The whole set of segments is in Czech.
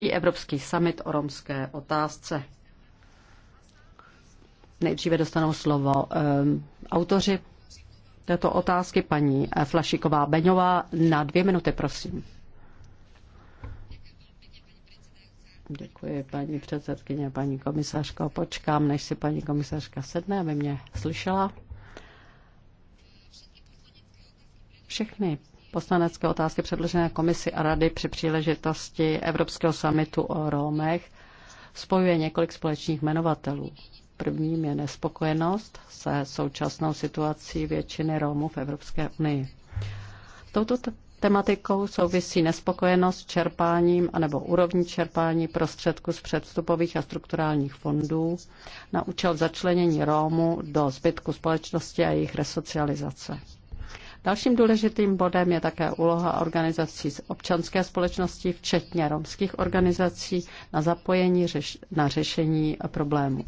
i Evropský summit o romské otázce. Nejdříve dostanou slovo um, autoři této otázky, paní eh, Flašiková Beňová. Na dvě minuty, prosím. Děkuji, paní předsedkyně, paní komisařko. Počkám, než si paní komisařka sedne, aby mě slyšela. Všechny poslanecké otázky předložené komisi a rady při příležitosti Evropského samitu o Rómech spojuje několik společných jmenovatelů. Prvním je nespokojenost se současnou situací většiny Rómů v Evropské unii. Touto tematikou souvisí nespokojenost s čerpáním anebo úrovní čerpání prostředků z předstupových a strukturálních fondů na účel začlenění Rómu do zbytku společnosti a jejich resocializace. Dalším důležitým bodem je také úloha organizací z občanské společnosti, včetně romských organizací, na zapojení řeš- na řešení problémů.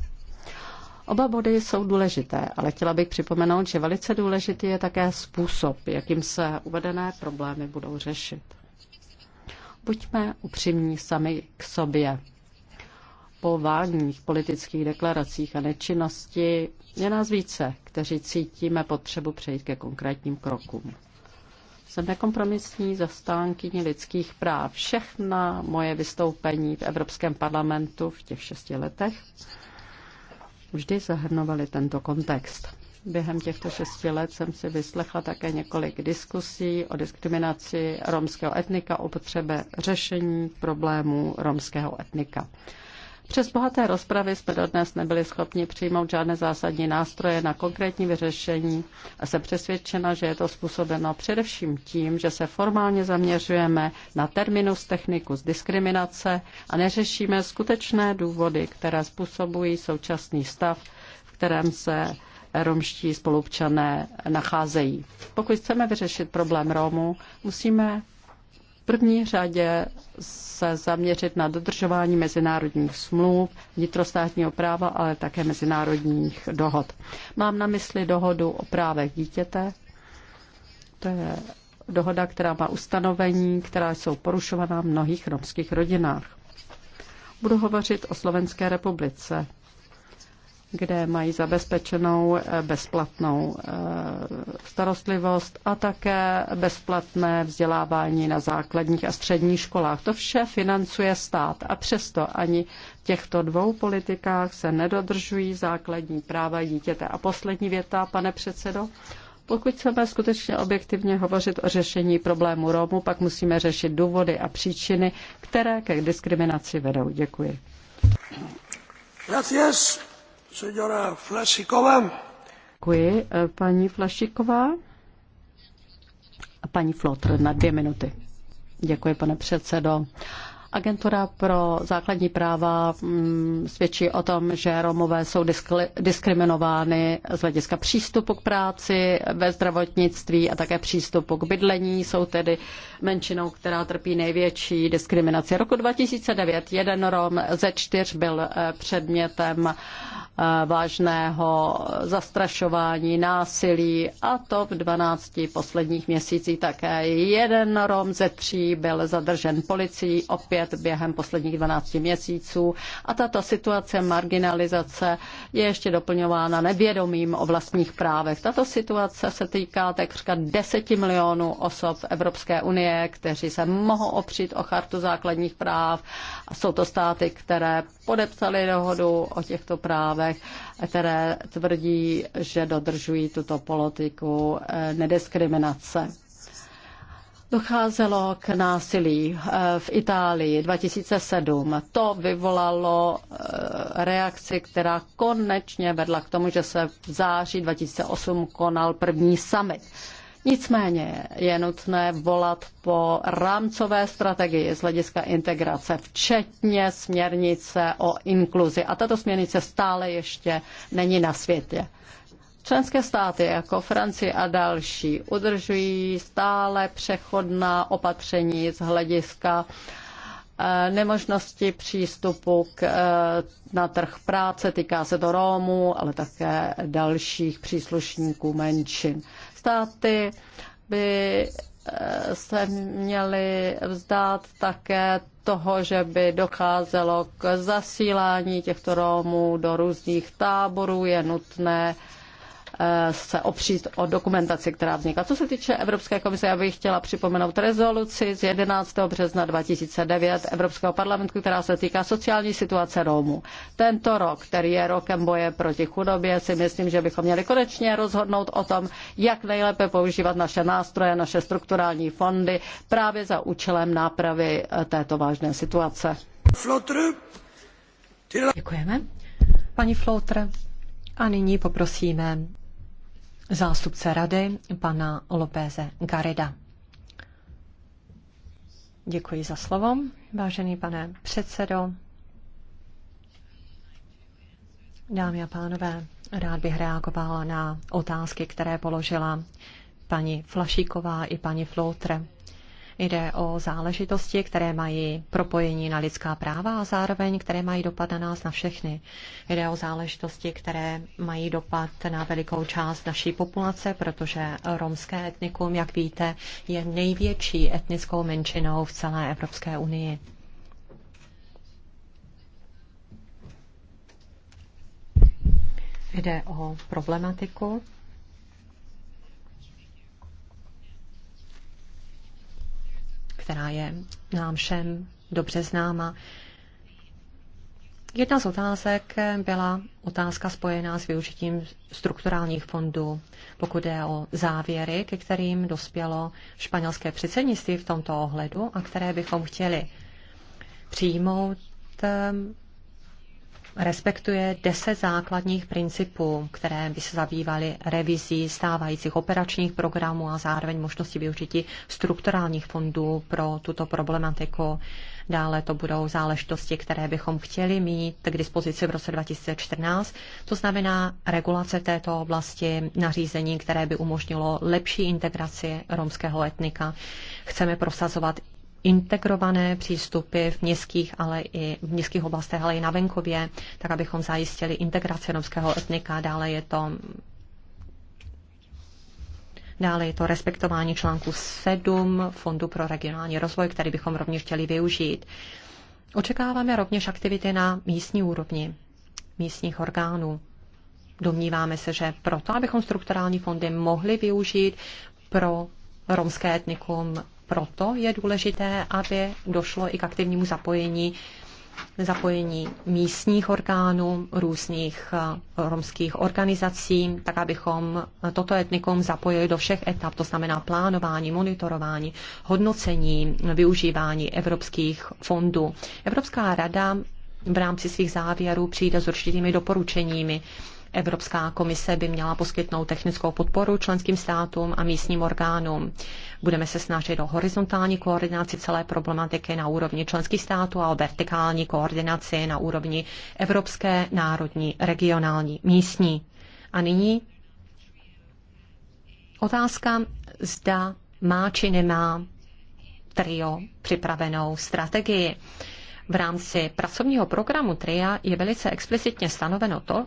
Oba body jsou důležité, ale chtěla bych připomenout, že velice důležitý je také způsob, jakým se uvedené problémy budou řešit. Buďme upřímní sami k sobě po vágních politických deklaracích a nečinnosti je nás více, kteří cítíme potřebu přejít ke konkrétním krokům. Jsem nekompromisní zastánkyní lidských práv. Všechna moje vystoupení v Evropském parlamentu v těch šesti letech vždy zahrnovaly tento kontext. Během těchto šesti let jsem si vyslechla také několik diskusí o diskriminaci romského etnika, o potřebe řešení problémů romského etnika. Přes bohaté rozpravy jsme dodnes nebyli schopni přijmout žádné zásadní nástroje na konkrétní vyřešení a jsem přesvědčena, že je to způsobeno především tím, že se formálně zaměřujeme na terminus technikus diskriminace a neřešíme skutečné důvody, které způsobují současný stav, v kterém se romští spolupčané nacházejí. Pokud chceme vyřešit problém Romů, musíme první řadě se zaměřit na dodržování mezinárodních smluv, vnitrostátního práva, ale také mezinárodních dohod. Mám na mysli dohodu o právech dítěte. To je dohoda, která má ustanovení, která jsou porušovaná v mnohých romských rodinách. Budu hovořit o Slovenské republice kde mají zabezpečenou eh, bezplatnou eh, starostlivost a také bezplatné vzdělávání na základních a středních školách. To vše financuje stát a přesto ani v těchto dvou politikách se nedodržují základní práva dítěte. A poslední věta, pane předsedo. Pokud chceme skutečně objektivně hovořit o řešení problému Romů, pak musíme řešit důvody a příčiny, které ke diskriminaci vedou. Děkuji. Gracias. Senora Flašiková. Děkuji. Eh, paní Flašiková. Paní Flotr na dvě minuty. Děkuji, pane předsedo. Agentura pro základní práva mm, svědčí o tom, že Romové jsou diskriminovány z hlediska přístupu k práci, ve zdravotnictví a také přístupu k bydlení. Jsou tedy menšinou, která trpí největší diskriminaci. Roku 2009 jeden Rom ze čtyř byl eh, předmětem eh, vážného zastrašování, násilí a to v 12 posledních měsících také. Jeden Rom ze tří byl zadržen policií opět přijet během posledních 12 měsíců a tato situace marginalizace je ještě doplňována nevědomím o vlastních právech. Tato situace se týká takřka 10 milionů osob v Evropské unie, kteří se mohou opřít o chartu základních práv. A Jsou to státy, které podepsali dohodu o těchto právech, které tvrdí, že dodržují tuto politiku eh, nediskriminace. Docházelo k násilí eh, v Itálii 2007. To vyvolalo eh, reakci, která konečně vedla k tomu, že se v září 2008 konal první summit. Nicméně je nutné volat po rámcové strategii z hlediska integrace, včetně směrnice o inkluzi. A tato směrnice stále ještě není na světě. Členské státy jako Francie a další udržují stále přechodná opatření z hlediska eh, nemožnosti přístupu k, eh, na trh práce, týká se to Rómů, ale také dalších příslušníků menšin. Státy by eh, se měly vzdát také toho, že by docházelo k zasílání těchto Rómů do různých táborů. Je nutné Eh, se opřít o dokumentaci, která vznikla. Co se týče Evropské komise, já bych chtěla připomenout rezoluci z 11. března 2009 Evropského parlamentu, která se týká sociální situace Romů. Tento rok, který je rokem boje proti chudobě, si myslím, že bychom měli konečně rozhodnout o tom, jak nejlépe používat naše nástroje, naše strukturální fondy právě za účelem nápravy eh, této vážné situace. Děkujeme. Pani Floutr. A nyní poprosíme zástupce rady, pana Lopéze Garida. Děkuji za slovo, vážený pane předsedo. Dámy a pánové, rád bych reagovala na otázky, které položila paní Flašíková i paní Floutre. Jde o záležitosti, které mají propojení na lidská práva a zároveň, které mají dopad na nás, na všechny. Jde o záležitosti, které mají dopad na velikou část naší populace, protože romské etnikum, jak víte, je největší etnickou menšinou v celé Evropské unii. Jde o problematiku, která je nám všem dobře známa. Jedna z otázek byla otázka spojená s využitím strukturálních fondů, pokud je o závěry, ke kterým dospělo španělské předsednictví v tomto ohledu a které bychom chtěli přijmout respektuje deset základních principů, které by se zabývaly revizí stávajících operačních programů a zároveň možnosti využití strukturálních fondů pro tuto problematiku. Dále to budou záležitosti, které bychom chtěli mít k dispozici v roce 2014. To znamená regulace této oblasti, nařízení, které by umožnilo lepší integraci romského etnika. Chceme prosazovat integrované přístupy v městských, ale i v městských oblastech, ale i na venkově, tak abychom zajistili integraci romského etnika. Dále je to Dále je to respektování článku 7 Fondu pro regionální rozvoj, který bychom rovněž chtěli využít. Očekáváme rovněž aktivity na místní úrovni místních orgánů. Domníváme se, že proto, abychom strukturální fondy mohli využít pro romské etnikum, proto je důležité, aby došlo i k aktivnímu zapojení zapojení místních orgánů, různých eh, romských organizací, tak abychom toto etnikum zapojili do všech etap, to znamená plánování, monitorování, hodnocení, využívání evropských fondů. Evropská rada v rámci svých závěrů přijde s určitými doporučeními Evropská komise by měla poskytnout technickou podporu členským státům a místním orgánům. Budeme se snažit o horizontální koordinaci celé problematiky na úrovni členských států a o vertikální koordinaci na úrovni evropské, národní, regionální, místní. A nyní otázka, zda má či nemá trio připravenou strategii. V rámci pracovního programu TRIA je velice explicitně stanoveno to,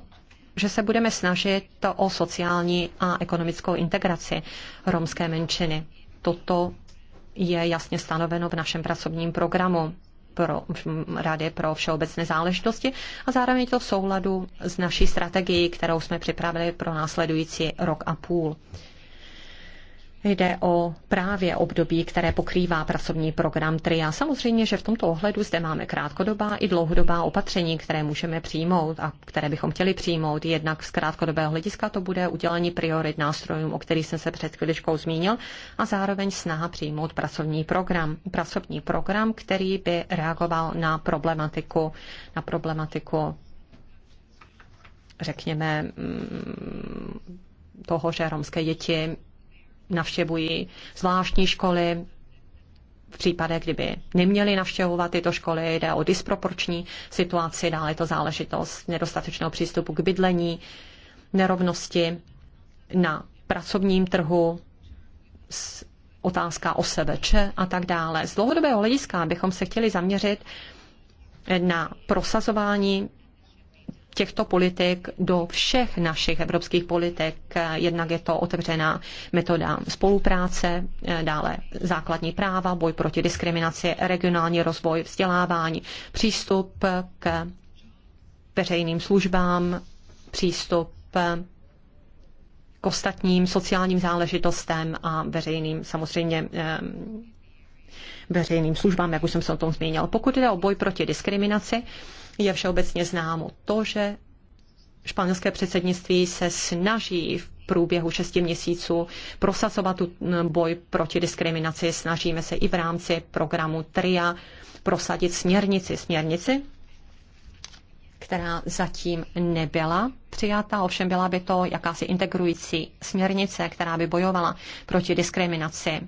že se budeme snažit o sociální a ekonomickou integraci romské menšiny. Toto je jasně stanoveno v našem pracovním programu pro Rady pro všeobecné záležitosti a zároveň to v souladu s naší strategií, kterou jsme připravili pro následující rok a půl. Jde o právě období, které pokrývá pracovní program TRIA. Samozřejmě, že v tomto ohledu zde máme krátkodobá i dlouhodobá opatření, které můžeme přijmout a které bychom chtěli přijmout. Jednak z krátkodobého hlediska to bude udělení priorit nástrojům, o kterých jsem se před chviličkou zmínil, a zároveň snaha přijmout pracovní program. Pracovní program, který by reagoval na problematiku, na problematiku řekněme, mm, toho, že romské děti navštěvují zvláštní školy, v případě, kdyby neměli navštěvovat tyto školy, jde o disproporční situaci, dále je to záležitost nedostatečného přístupu k bydlení, nerovnosti na pracovním trhu, otázka o SVČ a tak dále. Z dlouhodobého hlediska bychom se chtěli zaměřit na prosazování těchto politik do všech našich evropských politik. Jednak je to otevřená metoda spolupráce, dále základní práva, boj proti diskriminaci, regionální rozvoj, vzdělávání, přístup k veřejným službám, přístup k ostatním sociálním záležitostem a veřejným samozřejmě veřejným službám, jak už jsem se o tom zmínil. Pokud jde o boj proti diskriminaci, je všeobecně známo to, že španělské předsednictví se snaží v průběhu šesti měsíců prosazovat tu boj proti diskriminaci. Snažíme se i v rámci programu TRIA prosadit směrnici. Směrnici, která zatím nebyla přijata, ovšem byla by to jakási integrující směrnice, která by bojovala proti diskriminaci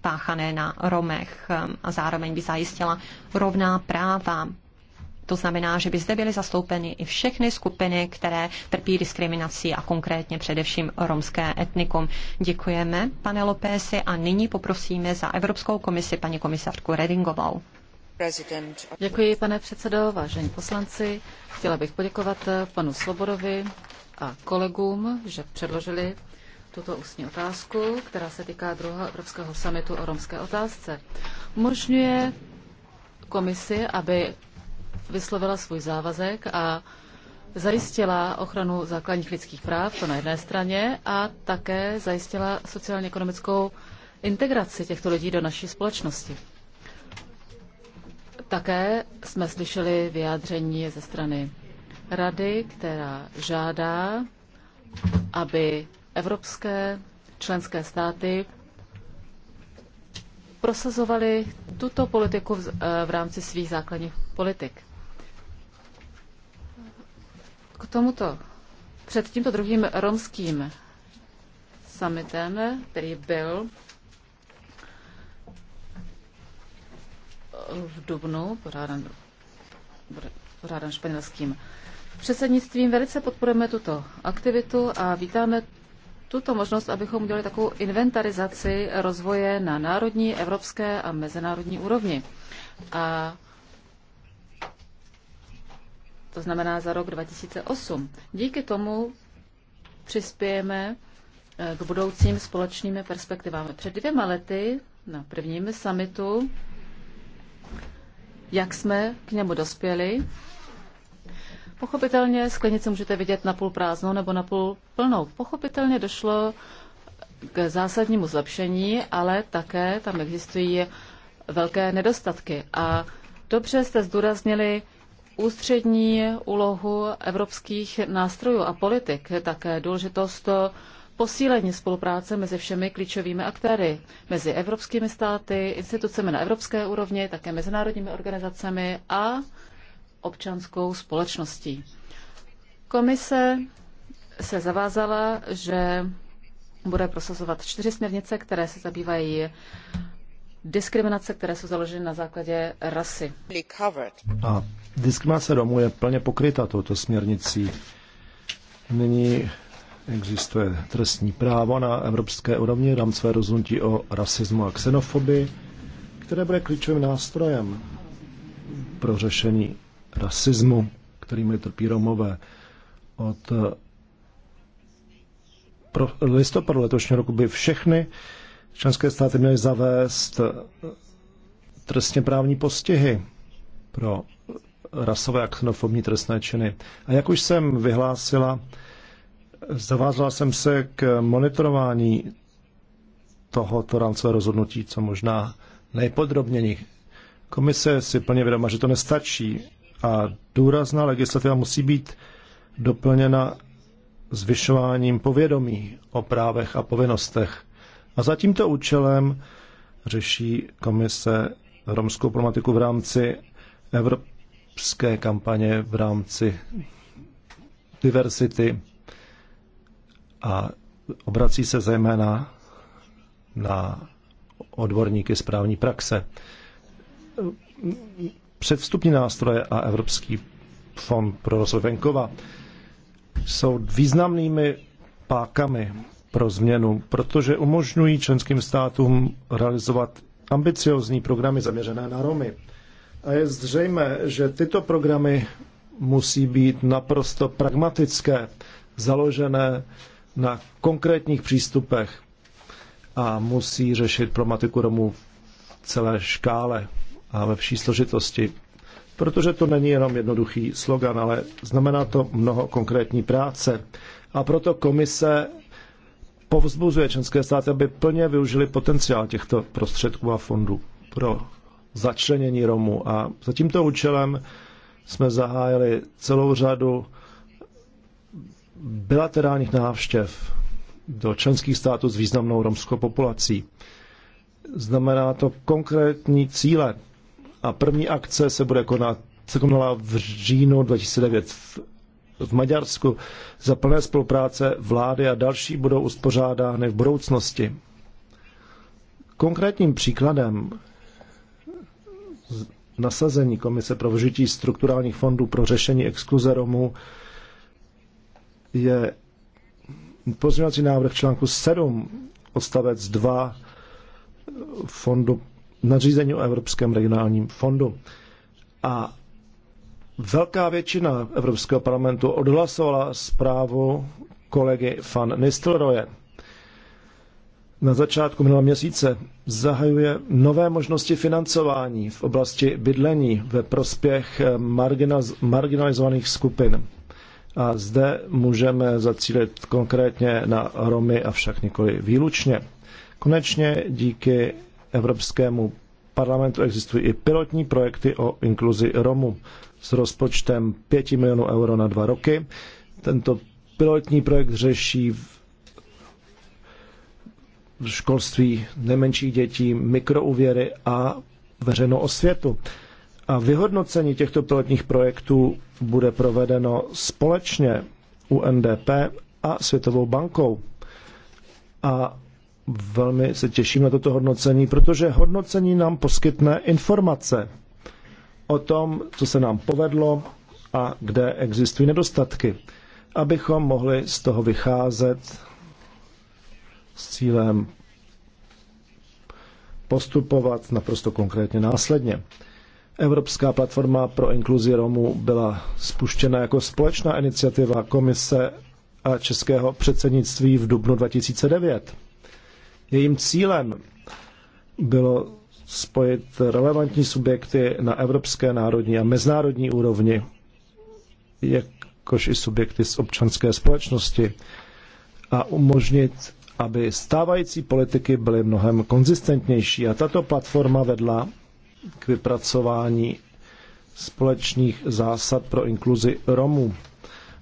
páchané na Romech a zároveň by zajistila rovná práva to znamená, že by zde byly zastoupeny i všechny skupiny, které trpí diskriminací a konkrétně především romské etnikum. Děkujeme, pane Lopési, a nyní poprosíme za Evropskou komisi paní komisařku Redingovou. Děkuji, pane předsedo, vážení poslanci. Chtěla bych poděkovat eh, panu Svobodovi a kolegům, že předložili tuto ústní otázku, která se týká druhého Evropského samitu o romské otázce. Umožňuje komisi, aby vyslovila svůj závazek a zajistila ochranu základních lidských práv, to na jedné straně, a také zajistila sociálně-ekonomickou integraci těchto lidí do naší společnosti. Také jsme slyšeli vyjádření ze strany Rady, která žádá, aby evropské členské státy prosazovali tuto politiku v, eh, v rámci svých základních politik. K tomuto před tímto druhým romským summitem, který byl v Dubnu, pořádan, pořádan španělským předsednictvím. Velice podporujeme tuto aktivitu a vítáme tuto možnost, abychom udělali takovou inventarizaci rozvoje na národní, evropské a mezinárodní úrovni. A to znamená za rok 2008. Díky tomu přispějeme eh, k budoucím společným perspektivám. Před dvěma lety na prvním summitu, jak jsme k němu dospěli, Pochopitelně sklenice můžete vidět na půl prázdnou nebo na půl plnou. Pochopitelně došlo k zásadnímu zlepšení, ale také tam existují velké nedostatky. A dobře jste zdůraznili ústřední úlohu evropských nástrojů a politik, také důležitost posílení spolupráce mezi všemi klíčovými aktéry, mezi evropskými státy, institucemi na evropské úrovni, také mezinárodními organizacemi a občanskou společností. Komise se zavázala, že bude prosazovat čtyři směrnice, které se zabývají diskriminace, které jsou založeny na základě rasy. A diskriminace Romů je plně pokryta touto směrnicí. Nyní existuje trestní právo na evropské úrovni, rámcové rozhodnutí o rasismu a xenofobii, které bude klíčovým nástrojem pro řešení rasismu, kterými trpí Romové. Od eh, listopadu letošního roku by všechny členské státy měly zavést eh, trestně právní postihy pro rasové a xenofobní trestné činy. A jak už jsem vyhlásila, zavázala jsem se k monitorování tohoto rámcového rozhodnutí, co možná nejpodrobněji. Komise si plně vědoma, že to nestačí a důrazná legislativa musí být doplněna zvyšováním povědomí o právech a povinnostech. A za tímto účelem řeší komise romskou problematiku v rámci evropské kampaně, v rámci diversity a obrací se zejména na odborníky správní praxe předvstupní nástroje a Evropský fond pro rozvoj venkova jsou významnými pákami pro změnu, protože umožňují členským státům realizovat ambiciozní programy zaměřené na Romy. A je zřejmé, že tyto programy musí být naprosto pragmatické, založené na konkrétních přístupech a musí řešit problematiku Romů v celé škále a ve vší složitosti. Protože to není jenom jednoduchý slogan, ale znamená to mnoho konkrétní práce. A proto komise povzbuzuje členské státy, aby plně využili potenciál těchto prostředků a fondů pro začlenění Romů. A za tímto účelem jsme zahájili celou řadu bilaterálních návštěv do členských států s významnou romskou populací. Znamená to konkrétní cíle a první akce se bude konat, se konala v říjnu 2009 v, v Maďarsku. Za plné spolupráce vlády a další budou uspořádány v budoucnosti. Konkrétním příkladem nasazení Komise pro využití strukturálních fondů pro řešení exkluze Romů je pozměňovací návrh článku 7 odstavec 2 fondu nařízení o Evropském regionálním fondu. A velká většina Evropského parlamentu odhlasovala zprávu kolegy van Nistelroje. Na začátku minulého měsíce zahajuje nové možnosti financování v oblasti bydlení ve prospěch marginalizovaných skupin. A zde můžeme zacílit konkrétně na Romy, avšak nikoli výlučně. Konečně díky Evropskému parlamentu existují i pilotní projekty o inkluzi Romů s rozpočtem 5 milionů euro na dva roky. Tento pilotní projekt řeší v školství nejmenších dětí, mikrouvěry a veřejnou osvětu. A vyhodnocení těchto pilotních projektů bude provedeno společně UNDP a Světovou bankou. A velmi se těším na toto hodnocení, protože hodnocení nám poskytne informace o tom, co se nám povedlo a kde existují nedostatky, abychom mohli z toho vycházet s cílem postupovat naprosto konkrétně následně. Evropská platforma pro inkluzi Romů byla spuštěna jako společná iniciativa Komise a Českého předsednictví v dubnu 2009. Jejím cílem bylo spojit relevantní subjekty na evropské, národní a mezinárodní úrovni, jakož i subjekty z občanské společnosti a umožnit, aby stávající politiky byly mnohem konzistentnější. A tato platforma vedla k vypracování společných zásad pro inkluzi Romů,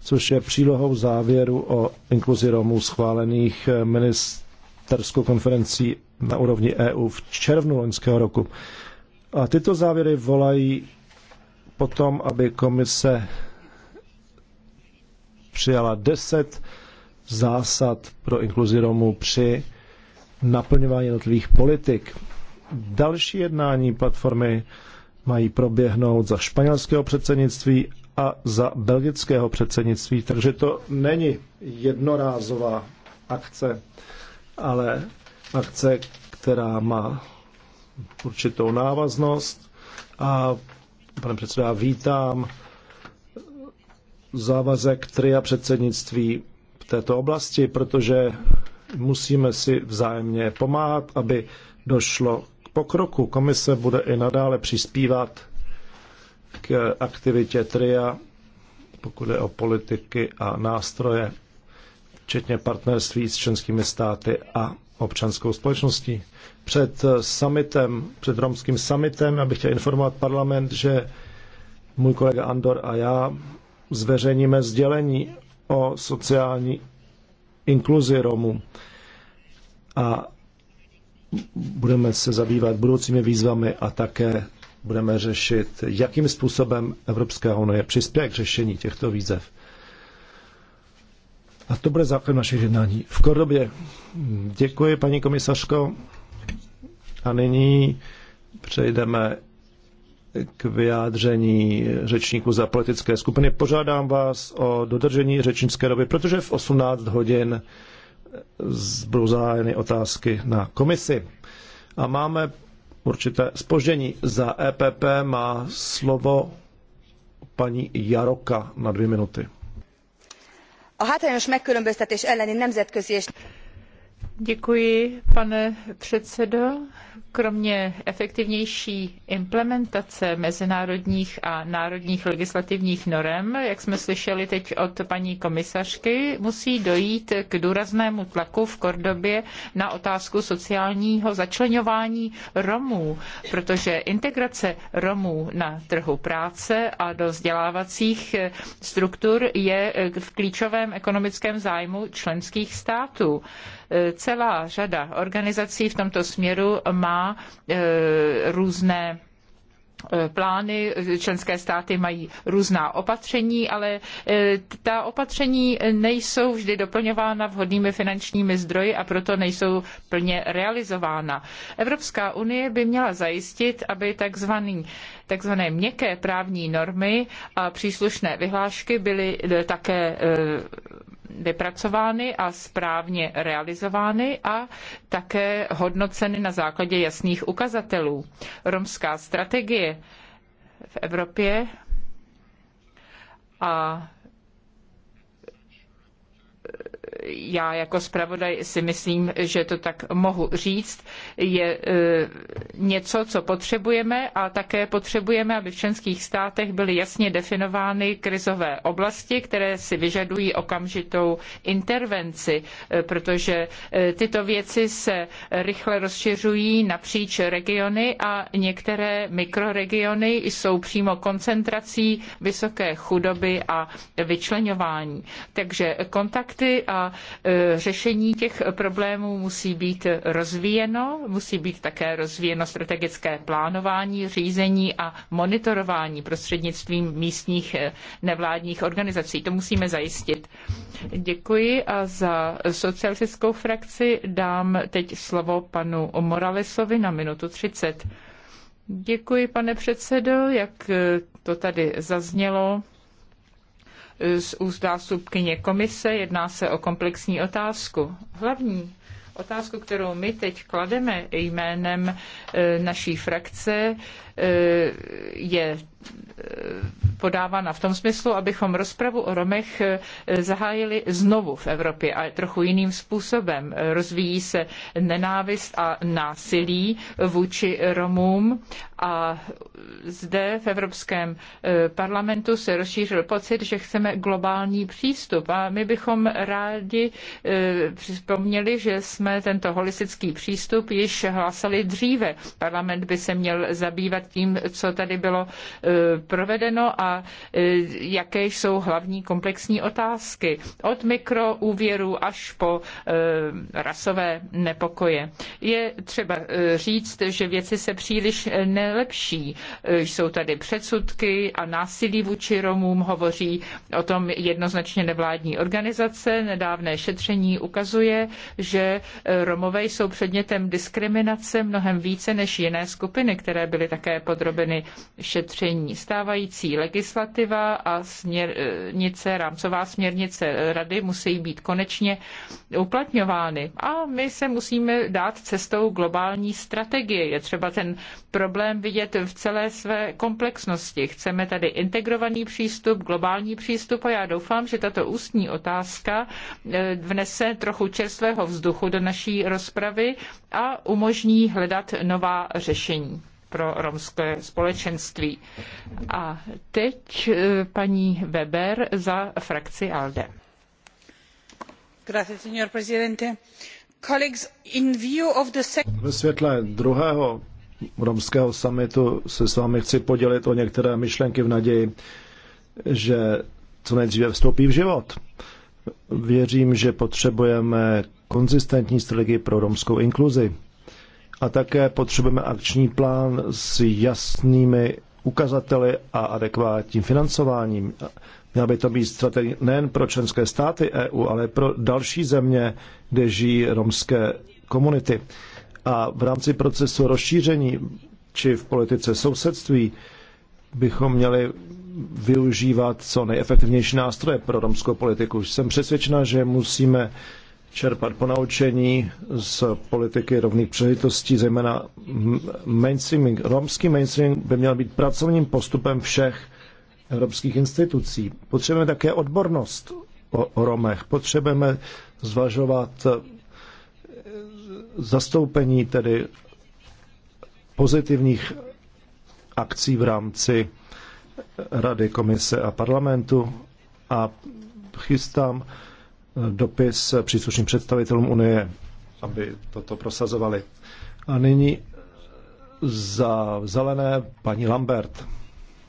což je přílohou závěru o inkluzi Romů schválených ministrů ministerskou konferencí na úrovni EU v červnu loňského roku. A tyto závěry volají potom, aby komise přijala deset zásad pro inkluzi Romů při naplňování jednotlivých politik. Další jednání platformy mají proběhnout za španělského předsednictví a za belgického předsednictví, takže to není jednorázová akce ale akce, která má určitou návaznost a pane předseda, vítám závazek a předsednictví v této oblasti, protože musíme si vzájemně pomáhat, aby došlo k pokroku. Komise bude i nadále přispívat k aktivitě tria, pokud je o politiky a nástroje včetně partnerství s členskými státy a občanskou společností. Před eh, summitem, před romským summitem, abych chtěl informovat parlament, že můj kolega Andor a já zveřejníme sdělení o sociální inkluzi Romů a budeme se zabývat budoucími výzvami a také budeme řešit, jakým způsobem Evropská unie přispěje k řešení těchto výzev. A to bude základ našich jednání. V Kordobě. Děkuji, paní komisařko. A nyní přejdeme k vyjádření řečníků za politické skupiny. Požádám vás o dodržení řečnické doby, protože v 18 hodin budou zahájeny otázky na komisi. A máme určité spoždění. Za EPP má slovo paní Jaroka na dvě minuty a hátrányos megkülönböztetés elleni nemzetközi és Děkuji, pane předsedo. Kromě efektivnější implementace mezinárodních a národních legislativních norem, jak jsme slyšeli teď od paní komisařky, musí dojít k důraznému tlaku v Kordobě na otázku sociálního začlenování Romů, protože integrace Romů na trhu práce a do vzdělávacích struktur je v klíčovém ekonomickém zájmu členských států celá řada organizací v tomto směru má e, různé e, plány, členské státy mají různá opatření, ale e, ta opatření nejsou vždy doplňována vhodnými finančními zdroji a proto nejsou plně realizována. Evropská unie by měla zajistit, aby takzvaný takzvané měkké právní normy a příslušné vyhlášky byly také vypracovány a správně realizovány a také hodnoceny na základě jasných ukazatelů. Romská strategie v Evropě a já jako zpravodaj si myslím, že to tak mohu říct, je e, něco, co potřebujeme a také potřebujeme, aby v členských státech byly jasně definovány krizové oblasti, které si vyžadují okamžitou intervenci, e, protože e, tyto věci se rychle rozšiřují napříč regiony a některé mikroregiony jsou přímo koncentrací vysoké chudoby a vyčlenování. Takže kontakty a E, řešení těch problémů musí být rozvíjeno, musí být také rozvíjeno strategické plánování, řízení a monitorování prostřednictvím místních e, nevládních organizací. To musíme zajistit. Děkuji a za socialistickou frakci dám teď slovo panu Moralesovi na minutu 30. Děkuji, pane předsedo, jak e, to tady zaznělo z úst zástupkyně komise. Jedná se o komplexní otázku. Hlavní otázku, kterou my teď klademe jménem e, naší frakce, e, je e, podávána v tom smyslu, abychom rozpravu o Romech zahájili znovu v Evropě a trochu jiným způsobem. Rozvíjí se nenávist a násilí vůči Romům a zde v Evropském eh, parlamentu se rozšířil pocit, že chceme globální přístup. A my bychom rádi eh, připomněli, že jsme tento holistický přístup již hlasali dříve. Parlament by se měl zabývat tím, co tady bylo eh, provedeno a jaké jsou hlavní komplexní otázky. Od mikroúvěru až po rasové nepokoje. Je třeba říct, že věci se příliš ne lepší. E, jsou tady předsudky a násilí vůči Romům, hovoří o tom jednoznačně nevládní organizace. Nedávné šetření ukazuje, že Romové jsou předmětem diskriminace mnohem více než jiné skupiny, které byly také podrobeny šetření. Stávající legislativa a e, směrnice, rámcová směrnice rady musí být konečně uplatňovány. A my se musíme dát cestou globální strategie. Je třeba ten problém problém vidět v celé své komplexnosti. Chceme tady integrovaný přístup, globální přístup a já doufám, že tato ústní otázka eh, vnese trochu čerstvého vzduchu do naší rozpravy a umožní hledat nová řešení pro romské společenství. A teď eh, paní Weber za frakci ALDE. Gracias, señor presidente. Colleagues, in view of the... Ve světle druhého romského summitu se s vámi chci podělit o některé myšlenky v naději, že co nejdříve vstoupí v život. Věřím, že potřebujeme konzistentní strategii pro romskou inkluzi. A také potřebujeme akční plán s jasnými ukazateli a adekvátním financováním. Měla by to být strategie nejen pro členské státy EU, ale pro další země, kde žijí romské komunity. A v rámci procesu rozšíření či v politice sousedství bychom měli využívat co nejefektivnější nástroje pro romskou politiku. Jsem přesvědčena, že musíme čerpat ponaučení z politiky rovných příležitostí, zejména mainstreaming. Romský mainstreaming by měl být pracovním postupem všech evropských institucí. Potřebujeme také odbornost o Romech. Potřebujeme zvažovat zastoupení tedy pozitivních akcí v rámci Rady, Komise a parlamentu a chystám eh, dopis příslušným představitelům Unie, aby toto prosazovali. A nyní eh, za zelené paní Lambert.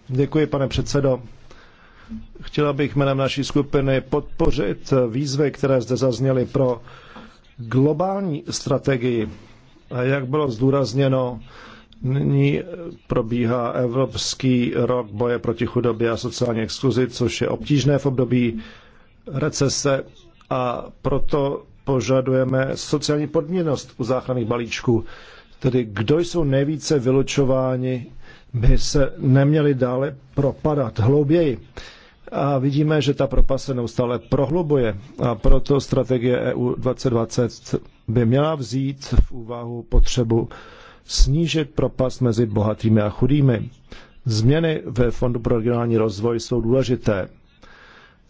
Děkuji, pane předsedo. Chtěla bych jménem naší skupiny podpořit eh, výzvy, které zde zazněly pro globální strategii. A jak bylo zdůrazněno, nyní probíhá Evropský rok boje proti chudobě a sociální exkluzi, což je obtížné v období recese a proto požadujeme sociální podmíněnost u záchranných balíčků. Tedy kdo jsou nejvíce vylučováni, by se neměli dále propadat hlouběji. A vidíme, že ta propast se neustále prohlubuje a proto strategie EU 2020 by měla vzít v úvahu potřebu snížit propast mezi bohatými a chudými. Změny ve Fondu pro regionální rozvoj jsou důležité.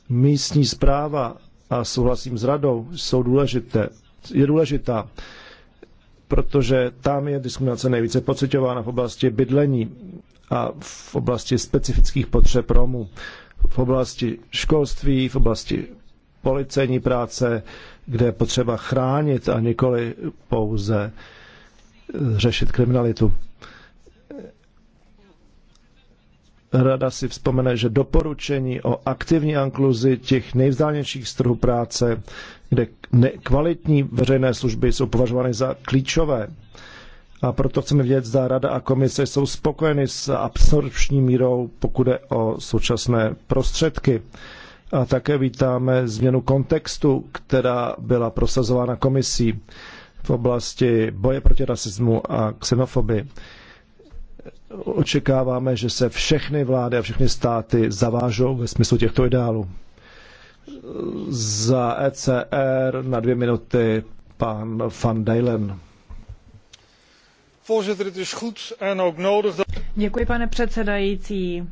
Místní zpráva a souhlasím s radou jsou důležité. Je důležitá, protože tam je diskriminace nejvíce pocitována v oblasti bydlení a v oblasti specifických potřeb Romů v oblasti školství, v oblasti policejní práce, kde je potřeba chránit a nikoli pouze řešit kriminalitu. Rada si vzpomene, že doporučení o aktivní inkluzi těch nejvzdálenějších z práce, kde kvalitní veřejné služby jsou považovány za klíčové a proto chceme vědět, zda Rada a Komise jsou spokojeny s absorpční mírou, pokud je o současné prostředky. A také vítáme změnu kontextu, která byla prosazována komisí v oblasti boje proti rasismu a xenofobii. Očekáváme, že se všechny vlády a všechny státy zavážou ve smyslu těchto ideálů. Za ECR na dvě minuty pan Van Dalen. Děkuji, pane předsedající.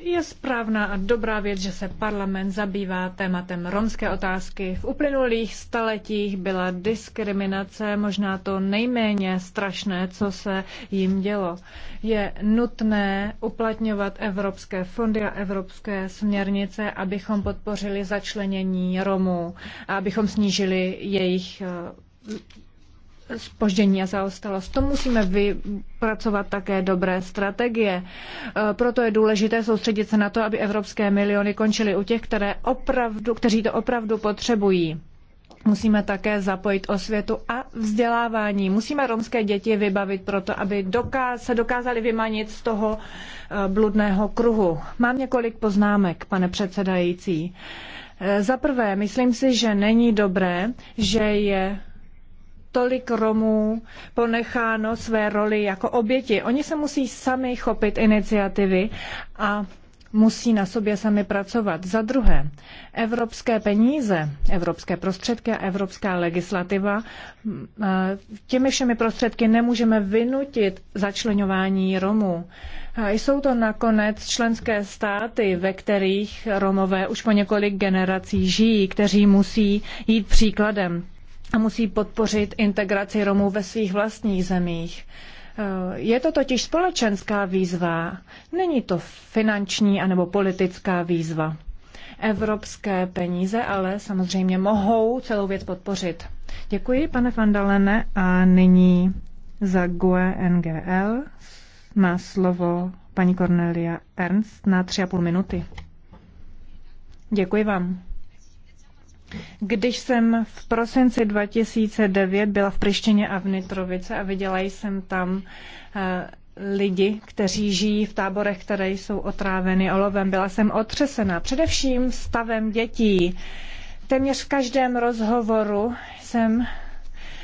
Je správná a dobrá věc, že se parlament zabývá tématem romské otázky. V uplynulých staletích byla diskriminace možná to nejméně strašné, co se jim dělo. Je nutné uplatňovat evropské fondy a evropské směrnice, abychom podpořili začlenění Romů a abychom snížili jejich spoždění a zaostalost. To musíme vypracovat také dobré strategie. E, proto je důležité soustředit se na to, aby evropské miliony končily u těch, které opravdu, kteří to opravdu potřebují. Musíme také zapojit osvětu a vzdělávání. Musíme romské děti vybavit proto, aby dokáz, se dokázali vymanit z toho e, bludného kruhu. Mám několik poznámek, pane předsedající. E, za prvé, myslím si, že není dobré, že je tolik Romů ponecháno své roli jako oběti. Oni se musí sami chopit iniciativy a musí na sobě sami pracovat. Za druhé, evropské peníze, evropské prostředky a evropská legislativa, těmi všemi prostředky nemůžeme vynutit začlenování Romů. Jsou to nakonec členské státy, ve kterých Romové už po několik generací žijí, kteří musí jít příkladem a musí podpořit integraci Romů ve svých vlastních zemích. Je to totiž společenská výzva, není to finanční anebo politická výzva. Evropské peníze ale samozřejmě mohou celou věc podpořit. Děkuji, pane Fandalene, a nyní za GUE NGL má slovo paní Cornelia Ernst na tři a půl minuty. Děkuji vám. Když jsem v prosinci 2009 byla v Prištině a v Nitrovice a viděla jsem tam eh, lidi, kteří žijí v táborech, které jsou otráveny olovem, byla jsem otřesena především stavem dětí. Téměř v každém rozhovoru jsem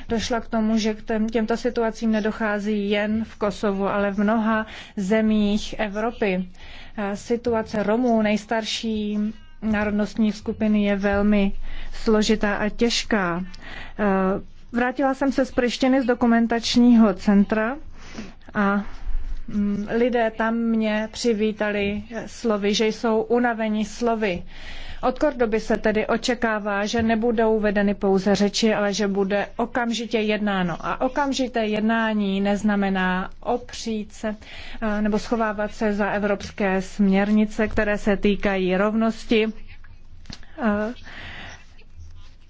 došla k tomu, že k těmto situacím nedochází jen v Kosovu, ale v mnoha zemích Evropy. Eh, situace Romů, nejstarší národnostní skupiny je velmi složitá a těžká. Eh, vrátila jsem se z Prištiny z dokumentačního centra a mm, lidé tam mě přivítali slovy, že jsou unavení slovy. Od Kordoby se tedy očekává, že nebudou vedeny pouze řeči, ale že bude okamžitě jednáno. A okamžité jednání neznamená opřít se eh, nebo schovávat se za evropské směrnice, které se týkají rovnosti eh,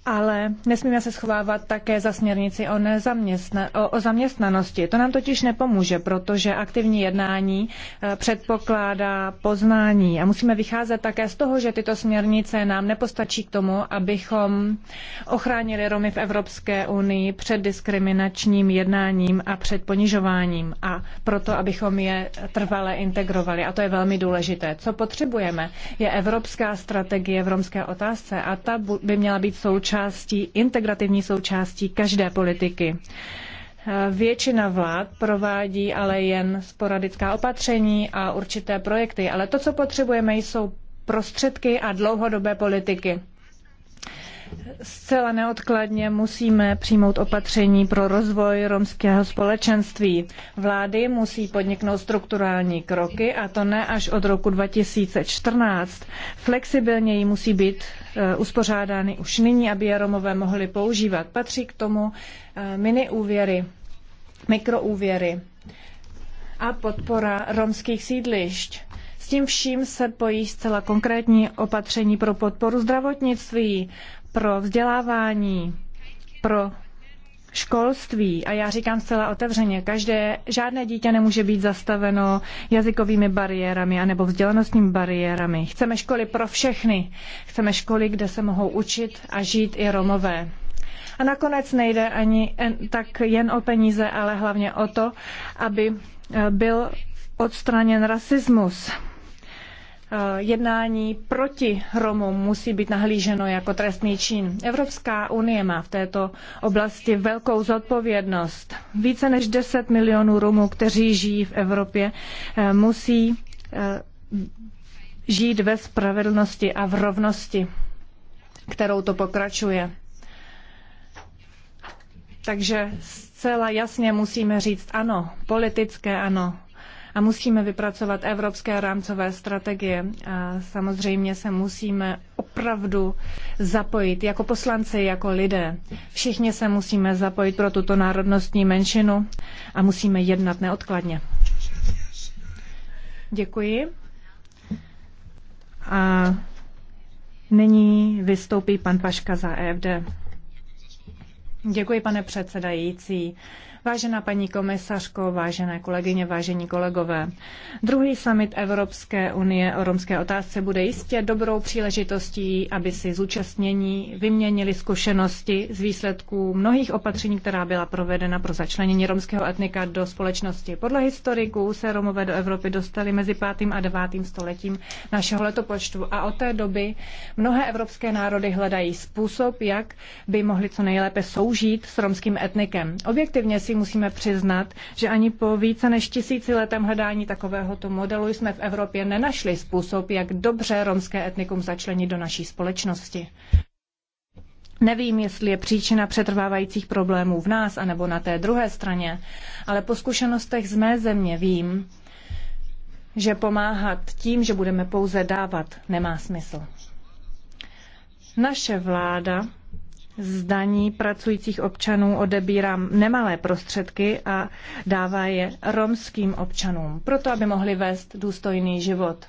ale nesmíme se schovávat také za směrnici o, nezaměstna, o, o zaměstnanosti. To nám totiž nepomůže, protože aktivní jednání eh, předpokládá poznání. A musíme vycházet také z toho, že tyto směrnice nám nepostačí k tomu, abychom ochránili Romy v Evropské unii před diskriminačním jednáním a před ponižováním a proto, abychom je trvale integrovali. A to je velmi důležité. Co potřebujeme, je evropská strategie v romské otázce a ta by měla být součástí součástí, integrativní součástí každé politiky. Většina vlád provádí ale jen sporadická opatření a určité projekty, ale to, co potřebujeme, jsou prostředky a dlouhodobé politiky. Zcela neodkladně musíme přijmout opatření pro rozvoj romského společenství. Vlády musí podniknout strukturální kroky, a to ne až od roku 2014. Flexibilněji musí být e, uspořádány už nyní, aby je Romové mohli používat. Patří k tomu e, miniúvěry, mikroúvěry a podpora romských sídlišť. S tím vším se pojí zcela konkrétní opatření pro podporu zdravotnictví, pro vzdělávání, pro školství, a já říkám zcela otevřeně, každé, žádné dítě nemůže být zastaveno jazykovými bariérami anebo vzdělanostními bariérami. Chceme školy pro všechny. Chceme školy, kde se mohou učit a žít i Romové. A nakonec nejde ani tak jen o peníze, ale hlavně o to, aby eh, byl odstraněn rasismus. Eh, jednání proti Romům musí být nahlíženo jako trestný čin. Evropská unie má v této oblasti velkou zodpovědnost. Více než 10 milionů Romů, kteří žijí v Evropě, eh, musí eh, žít ve spravedlnosti a v rovnosti, kterou to pokračuje. Takže zcela jasně musíme říct ano, politické ano, a musíme vypracovat evropské rámcové strategie. A samozřejmě se musíme opravdu zapojit jako poslanci, jako lidé. Všichni se musíme zapojit pro tuto národnostní menšinu a musíme jednat neodkladně. Děkuji. A nyní vystoupí pan Paška za EFD. Děkuji, pane předsedající. Vážená paní komisařko, vážené kolegyně, vážení kolegové, druhý summit Evropské unie o romské otázce bude jistě dobrou příležitostí, aby si zúčastnění vyměnili zkušenosti z výsledků mnohých opatření, která byla provedena pro začlenění romského etnika do společnosti. Podle historiků se Romové do Evropy dostali mezi 5. a 9. stoletím našeho letopočtu a od té doby mnohé evropské národy hledají způsob, jak by mohli co nejlépe soužít s romským etnikem. Objektivně si musíme přiznat, že ani po více než tisíci letem hledání takovéhoto modelu jsme v Evropě nenašli způsob, jak dobře romské etnikum začlenit do naší společnosti. Nevím, jestli je příčina přetrvávajících problémů v nás anebo na té druhé straně, ale po zkušenostech z mé země vím, že pomáhat tím, že budeme pouze dávat, nemá smysl. Naše vláda z daní pracujících občanů odebírá nemalé prostředky a dává je romským občanům, proto aby mohli vést důstojný život.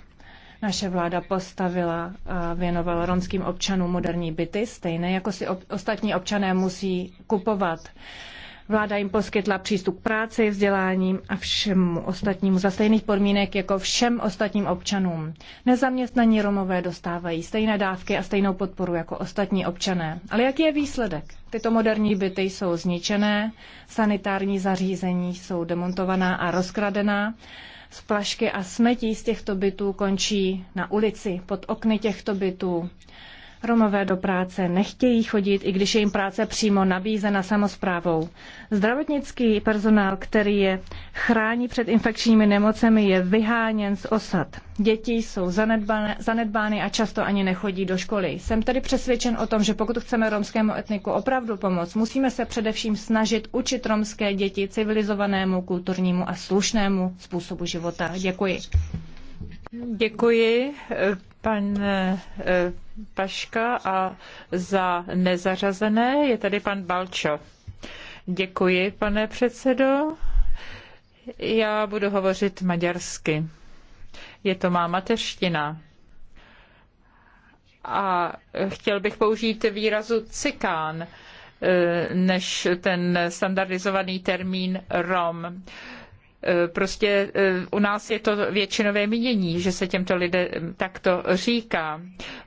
Naše vláda postavila a věnovala romským občanům moderní byty, stejné jako si ob- ostatní občané musí kupovat. Vláda jim poskytla přístup k práci, vzděláním a všemu ostatnímu za stejných podmínek jako všem ostatním občanům. Nezaměstnaní Romové dostávají stejné dávky a stejnou podporu jako ostatní občané. Ale jaký je výsledek? Tyto moderní byty jsou zničené, sanitární zařízení jsou demontovaná a rozkradená. Splašky a smetí z těchto bytů končí na ulici, pod okny těchto bytů. Romové do práce nechtějí chodit, i když je jim práce přímo nabízena samozprávou. Zdravotnický personál, který je chrání před infekčními nemocemi, je vyháněn z osad. Děti jsou zanedbány a často ani nechodí do školy. Jsem tedy přesvědčen o tom, že pokud chceme romskému etniku opravdu pomoct, musíme se především snažit učit romské děti civilizovanému, kulturnímu a slušnému způsobu života. Děkuji. Děkuji, pane eh, Paška a za nezařazené je tady pan Balčo. Děkuji, pane předsedo. Já budu hovořit maďarsky. Je to má mateřština. A chtěl bych použít výrazu cikán eh, než ten standardizovaný termín Rom. Eh, prostě eh, u nás je to většinové mínění, že se těmto lidem takto říká.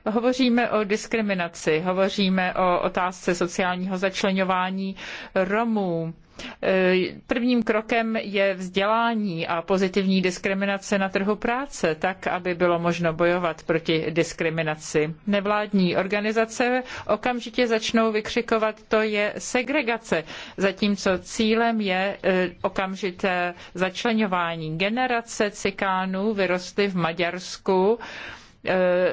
Hovoříme o diskriminaci, hovoříme o otázce sociálního začlenování Romů Eh, prvním krokem je vzdělání a pozitivní diskriminace na trhu práce, tak, aby bylo možno bojovat proti diskriminaci. Nevládní organizace okamžitě začnou vykřikovat, to je segregace, zatímco cílem je eh, okamžité začlenování. Generace cikánů vyrostly v Maďarsku,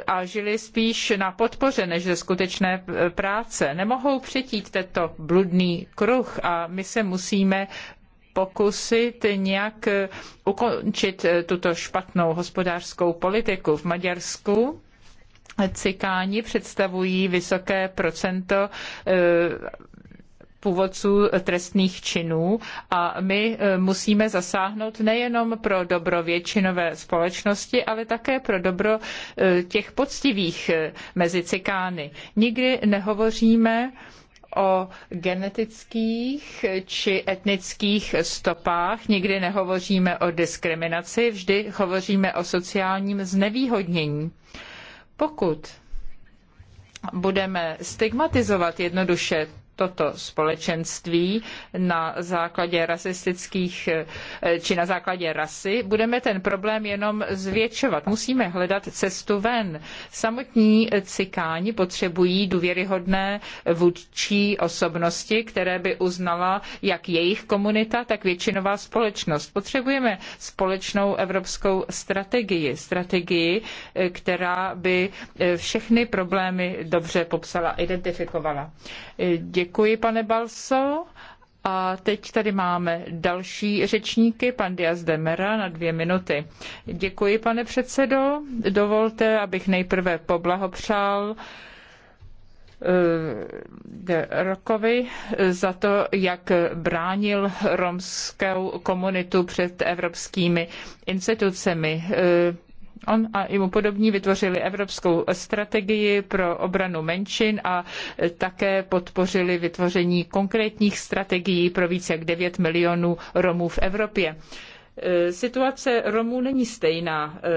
a žili spíš na podpoře než ze skutečné e, práce. Nemohou přetít tento bludný kruh a my se musíme pokusit nějak e, ukončit e, tuto špatnou hospodářskou politiku v Maďarsku. Cikáni představují vysoké procento původců trestných činů a my eh, musíme zasáhnout nejenom pro dobro většinové společnosti, ale také pro dobro eh, těch poctivých eh, mezi cikány. Nikdy nehovoříme o genetických či etnických stopách, nikdy nehovoříme o diskriminaci, vždy hovoříme o sociálním znevýhodnění. Pokud budeme stigmatizovat jednoduše toto společenství na základě rasistických eh, či na základě rasy, budeme ten problém jenom zvětšovat. Musíme hledat cestu ven. Samotní cikáni potřebují důvěryhodné vůdčí osobnosti, které by uznala jak jejich komunita, tak většinová společnost. Potřebujeme společnou evropskou strategii. Strategii, eh, která by eh, všechny problémy dobře popsala, identifikovala. Děkuji Děkuji, pane Balso. A teď tady máme další řečníky, pan Diaz de Mera na dvě minuty. Děkuji, pane předsedo. Dovolte, abych nejprve poblahopřál eh, Rokovi za to, jak bránil romskou komunitu před evropskými institucemi. Eh, On a i mu podobní vytvořili evropskou strategii pro obranu menšin a také podpořili vytvoření konkrétních strategií pro více jak 9 milionů Romů v Evropě. E, situace Romů není stejná e,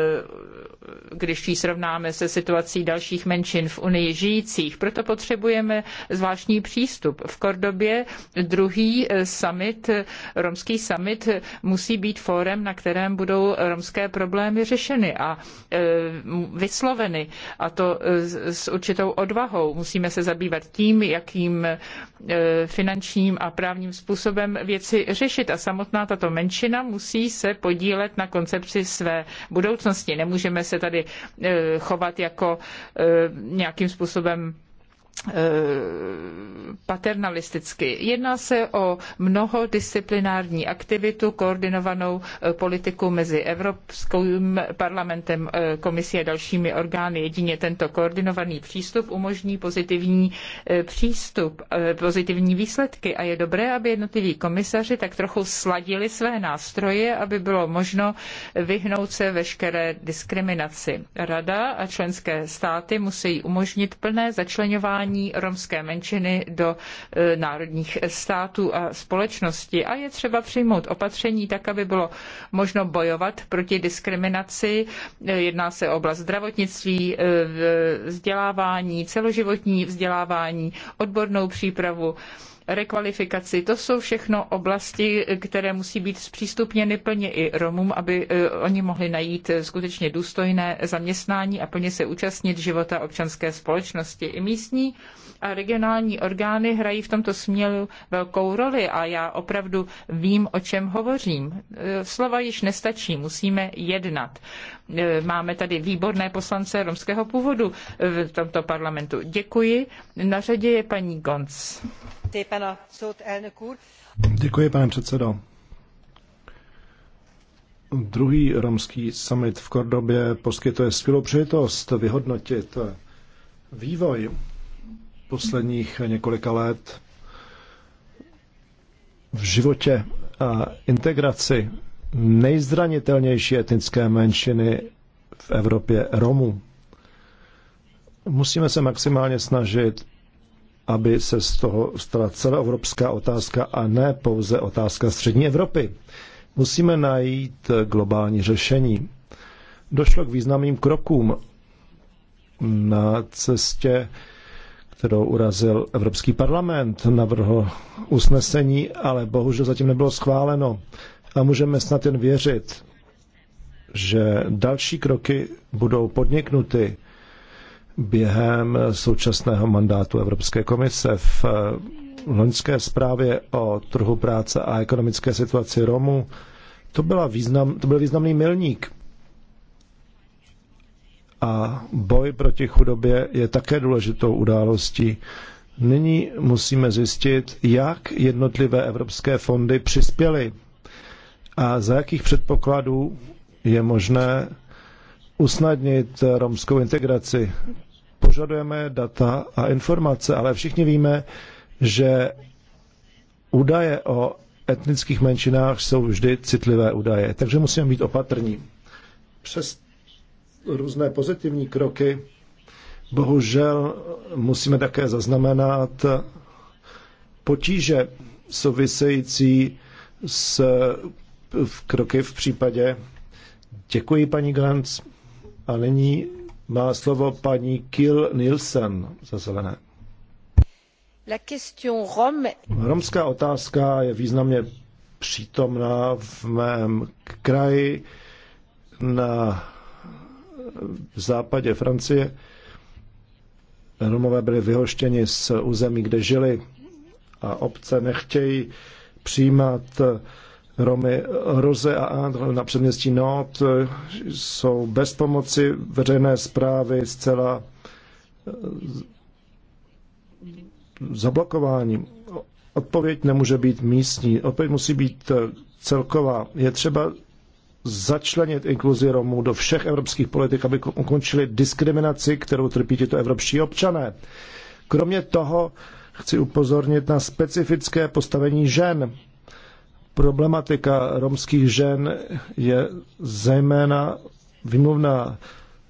když ji srovnáme se situací dalších menšin v Unii žijících. Proto potřebujeme zvláštní přístup. V Kordobě druhý eh, summit, eh, romský summit, musí být fórem, na kterém budou romské problémy řešeny a eh, vysloveny. A to s určitou odvahou. Musíme se zabývat tím, jakým finančním a právním způsobem věci řešit. A samotná tato menšina musí se podílet na koncepci své budoucnosti. Nemůžeme se tady eh, chovat jako eh, nějakým způsobem Eh, paternalisticky. Jedná se o mnohodisciplinární aktivitu, koordinovanou eh, politiku mezi Evropským parlamentem, eh, komisí a dalšími orgány. Jedině tento koordinovaný přístup umožní pozitivní přístup, pozitivní výsledky a je dobré, aby jednotliví komisaři tak trochu sladili své nástroje, aby bylo možno vyhnout se veškeré diskriminaci. Rada a členské státy musí umožnit plné začlenování začlenování romské menšiny do e, národních států a společnosti. A je třeba přijmout opatření tak, aby bylo možno bojovat proti diskriminaci. E, jedná se o oblast zdravotnictví, e, vzdělávání, celoživotní vzdělávání, odbornou přípravu rekvalifikaci. To jsou všechno oblasti, které musí být zpřístupněny plně i Romům, aby eh, oni mohli najít eh, skutečně důstojné zaměstnání a plně se účastnit života občanské společnosti. I místní a regionální orgány hrají v tomto směru velkou roli a já opravdu vím, o čem hovořím. Eh, slova již nestačí, musíme jednat. Máme tady výborné poslance romského původu v tomto parlamentu. Děkuji. Na řadě je paní Gonc pane předsedo. Druhý romský summit v Kordobě poskytuje skvělou příležitost vyhodnotit vývoj posledních několika let v životě a integraci nejzranitelnější etnické menšiny v Evropě Romů. Musíme se maximálně snažit aby se z toho stala celoevropská otázka a ne pouze otázka střední Evropy. Musíme najít globální řešení. Došlo k významným krokům na cestě, kterou urazil Evropský parlament, navrhl usnesení, ale bohužel zatím nebylo schváleno. A můžeme snad jen věřit, že další kroky budou podniknuty během současného mandátu Evropské komise. V eh, loňské zprávě o trhu práce a ekonomické situaci Romů to, byla význam, to byl významný milník. A boj proti chudobě je také důležitou událostí. Nyní musíme zjistit, jak jednotlivé evropské fondy přispěly a za jakých předpokladů je možné usnadnit romskou integraci, požadujeme data a informace, ale všichni víme, že údaje o etnických menšinách jsou vždy citlivé údaje, takže musíme být opatrní. Přes různé pozitivní kroky bohužel musíme také zaznamenat potíže související s kroky v případě. Děkuji, paní Glantz. A nyní má slovo paní Kill Nielsen za zelené. Romská otázka je významně přítomná v mém kraji na v západě Francie. Romové byli vyhoštěni z území, kde žili a obce nechtějí přijímat Romy Roze a Andr na předměstí Not eh, jsou bez pomoci veřejné zprávy zcela eh, zablokování. Odpověď nemůže být místní, odpověď musí být eh, celková. Je třeba začlenit inkluzi Romů do všech evropských politik, aby ukončili diskriminaci, kterou trpí tito evropští občané. Kromě toho chci upozornit na specifické postavení žen Problematika romských žen je zejména vymluvná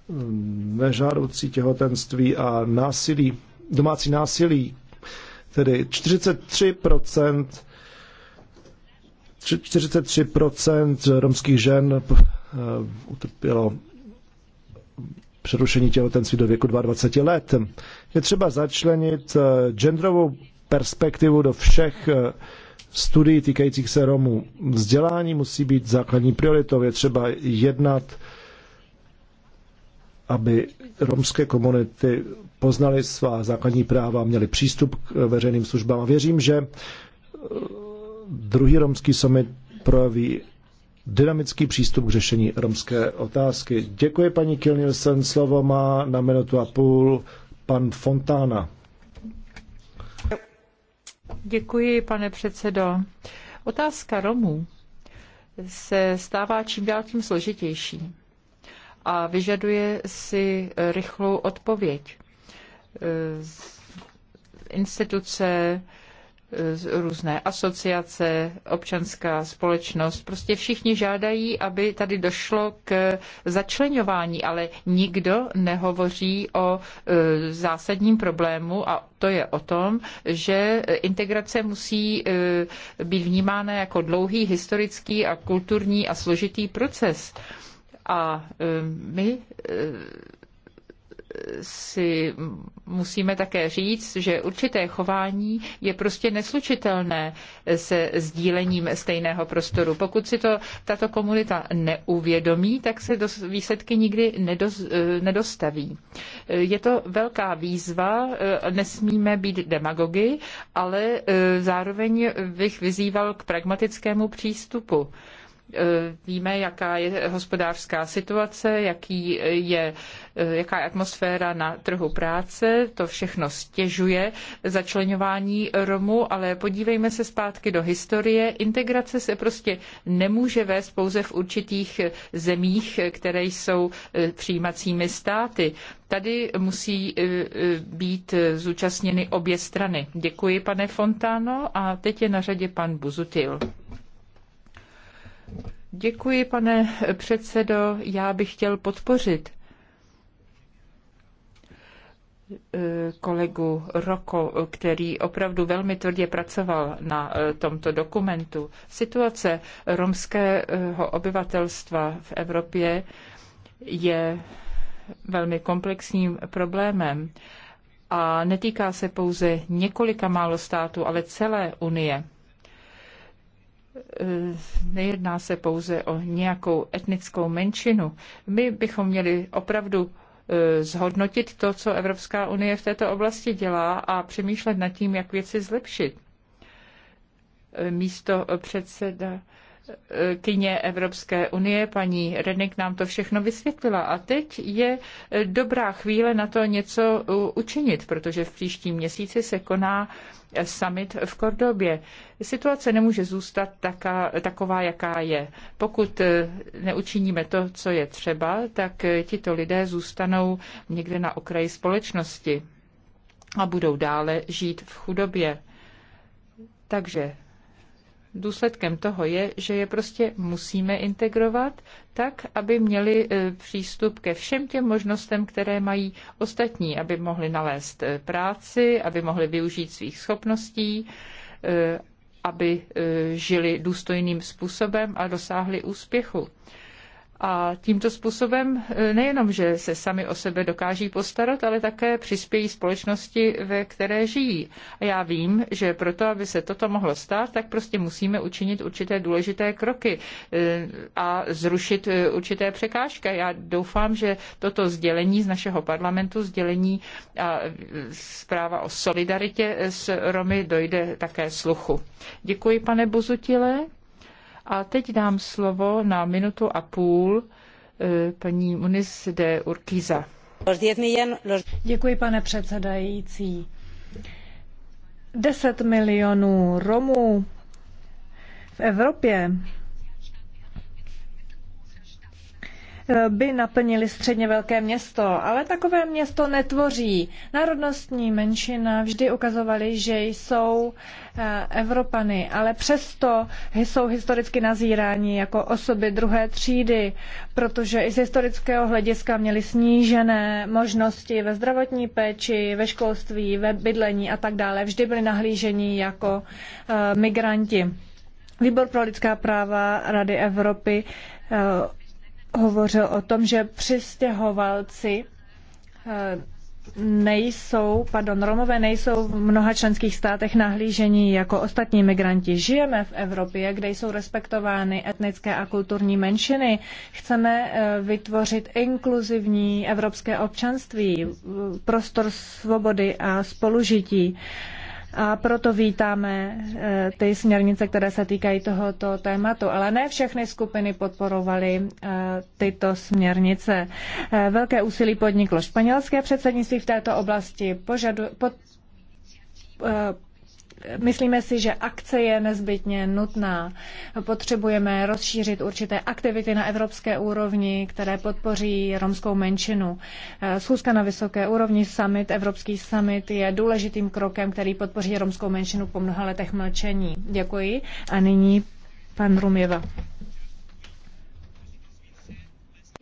mm, nežádoucí těhotenství a násilí, domácí násilí. Tedy 43%, 43% romských žen eh, utrpělo přerušení těhotenství do věku 22 let. Je třeba začlenit eh, genderovou perspektivu do všech eh, studií týkajících se Romů. Vzdělání musí být základní prioritou. Je třeba jednat, aby romské komunity poznaly svá základní práva, měly přístup k veřejným službám. A věřím, že eh, druhý romský summit projeví dynamický přístup k řešení romské otázky. Děkuji paní Kilnilsen, slovo má na minutu a půl pan Fontána. Děkuji, pane předsedo. Otázka Romů se stává čím dál tím složitější a vyžaduje si rychlou odpověď. Eh, instituce, různé asociace, občanská společnost, prostě všichni žádají, aby tady došlo k začlenování, ale nikdo nehovoří o e, zásadním problému a to je o tom, že integrace musí e, být vnímána jako dlouhý historický a kulturní a složitý proces. A e, my si musíme také říct, že určité chování je prostě neslučitelné se sdílením stejného prostoru. Pokud si to tato komunita neuvědomí, tak se do výsledky nikdy eh, nedostaví. Je to velká výzva, eh, nesmíme být demagogy, ale eh, zároveň bych vyzýval k pragmatickému přístupu E, víme, jaká je hospodářská situace, jaký je, e, jaká je atmosféra na trhu práce. To všechno stěžuje začlenování Romů, ale podívejme se zpátky do historie. Integrace se prostě nemůže vést pouze v určitých zemích, které jsou e, přijímacími státy. Tady musí být zúčastněny obě strany. Děkuji, pane Fontáno, a teď je na řadě pan Buzutil. Děkuji, pane předsedo. Já bych chtěl podpořit eh, kolegu Roko, který opravdu velmi tvrdě pracoval na eh, tomto dokumentu. Situace romského obyvatelstva v Evropě je velmi komplexním problémem a netýká se pouze několika málo států, ale celé Unie. Eh, nejedná se pouze o nějakou etnickou menšinu. My bychom měli opravdu eh, zhodnotit to, co Evropská unie v této oblasti dělá a přemýšlet nad tím, jak věci zlepšit. Eh, místo předseda kyně Evropské unie, paní Renik nám to všechno vysvětlila a teď je dobrá chvíle na to něco učinit, protože v příštím měsíci se koná summit v Kordobě. Situace nemůže zůstat taká, taková, jaká je. Pokud e, neučiníme to, co je třeba, tak e, tito lidé zůstanou někde na okraji společnosti a budou dále žít v chudobě. Takže důsledkem toho je, že je prostě musíme integrovat tak, aby měli e, přístup ke všem těm možnostem, které mají ostatní, aby mohli nalézt e, práci, aby mohli využít svých schopností, e, aby žili důstojným způsobem a dosáhli úspěchu. A tímto způsobem e, nejenom, že se sami o sebe dokáží postarat, ale také přispějí společnosti, ve které žijí. A já vím, že proto, aby se toto mohlo stát, tak prostě musíme učinit určité důležité kroky e, a zrušit e, určité překážky. Já doufám, že toto sdělení z našeho parlamentu, sdělení a zpráva o solidaritě s Romy dojde také sluchu. Děkuji, pane Buzutile. A teď dám slovo na minutu a půl eh, paní Muniz de Urquiza. Děkuji, pane předsedající. 10 milionů Romů v Evropě by naplnili středně velké město, ale takové město netvoří. Národnostní menšina vždy ukazovaly, že jsou eh, Evropany, ale přesto jsou historicky nazíráni jako osoby druhé třídy, protože i z historického hlediska měli snížené možnosti ve zdravotní péči, ve školství, ve bydlení a tak dále. Vždy byli nahlíženi jako eh, migranti. Výbor pro lidská práva Rady Evropy eh, hovořil o tom, že přistěhovalci eh, nejsou, pardon, Romové nejsou v mnoha členských státech nahlížení jako ostatní migranti. Žijeme v Evropě, kde jsou respektovány etnické a kulturní menšiny. Chceme eh, vytvořit inkluzivní evropské občanství, eh, prostor svobody a spolužití a proto vítáme eh, ty směrnice, které se týkají tohoto tématu. Ale ne všechny skupiny podporovaly eh, tyto směrnice. Eh, velké úsilí podniklo španělské předsednictví v této oblasti. Požadu, pod, Myslíme si, že akce je nezbytně nutná. Potřebujeme rozšířit určité aktivity na evropské úrovni, které podpoří romskou menšinu. Eh, schůzka na vysoké úrovni, summit, Evropský summit je důležitým krokem, který podpoří romskou menšinu po mnoha letech mlčení. Děkuji. A nyní pan Rumjeva.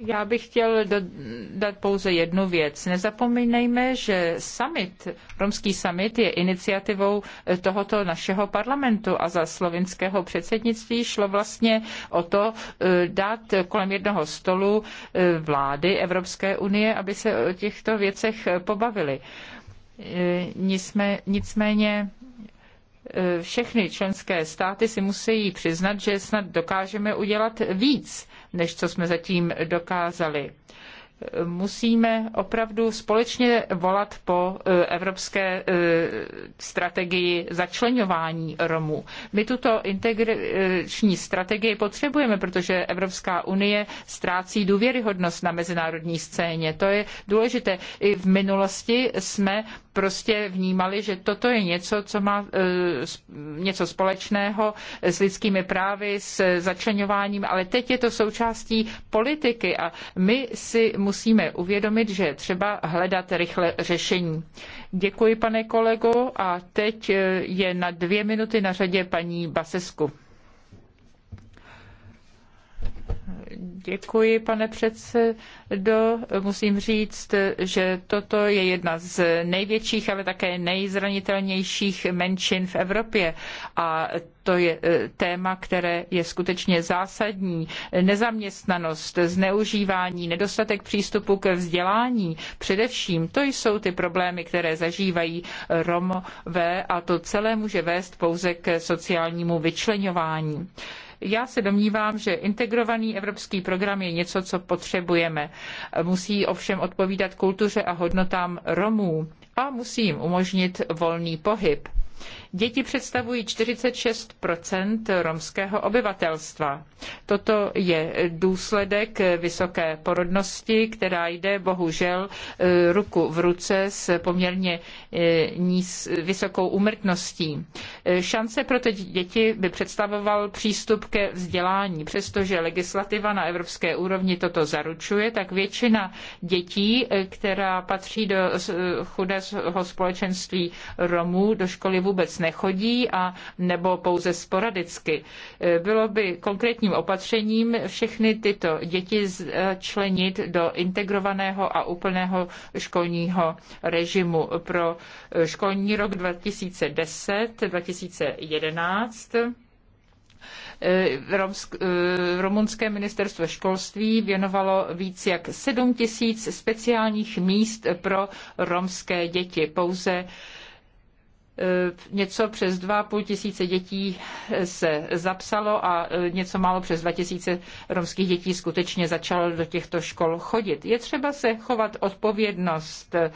Já bych chtěl dodat pouze jednu věc. Nezapomínejme, že summit, romský summit je iniciativou eh, tohoto našeho parlamentu a za slovinského předsednictví šlo vlastně o to eh, dát kolem jednoho stolu eh, vlády Evropské unie, aby se o těchto věcech pobavili. Nicméně všechny členské státy si musí přiznat, že snad dokážeme udělat víc než co jsme zatím dokázali musíme opravdu společně volat po e, evropské e, strategii začlenování Romů. My tuto integrační strategii potřebujeme, protože Evropská unie ztrácí důvěryhodnost na mezinárodní scéně. To je důležité. I v minulosti jsme prostě vnímali, že toto je něco, co má e, něco společného s lidskými právy, s začlenováním, ale teď je to součástí politiky a my si musíme uvědomit, že třeba hledat rychle řešení. Děkuji, pane kolego, a teď e, je na dvě minuty na řadě paní Basesku. Děkuji, pane předsedo. Musím říct, že toto je jedna z největších, ale také nejzranitelnějších menšin v Evropě. A to je eh, téma, které je skutečně zásadní. Nezaměstnanost, zneužívání, nedostatek přístupu ke vzdělání, především to jsou ty problémy, které zažívají Romové a to celé může vést pouze k sociálnímu vyčlenování. Já se domnívám, že integrovaný evropský program je něco, co potřebujeme. Musí ovšem odpovídat kultuře a hodnotám Romů a musí jim umožnit volný pohyb. Děti představují 46 romského obyvatelstva. Toto je důsledek vysoké porodnosti, která jde bohužel e, ruku v ruce s poměrně e, níz, vysokou úmrtností. E, šance pro ty děti by představoval přístup ke vzdělání. Přestože legislativa na evropské úrovni toto zaručuje, tak většina dětí, která patří do chudého společenství Romů, do školy vůbec nechodí a nebo pouze sporadicky. Eh, bylo by konkrétním opatřením všechny tyto děti členit do integrovaného a úplného školního režimu pro eh, školní rok 2010-2011. Eh, romsk, Rumunské ministerstvo školství věnovalo víc jak 7 tisíc speciálních míst pro romské děti. Pouze Eh, něco přes 2,5 tisíce dětí se zapsalo a eh, něco málo přes 2 tisíce romských dětí skutečně začalo do těchto škol chodit. Je třeba se chovat odpovědnost eh,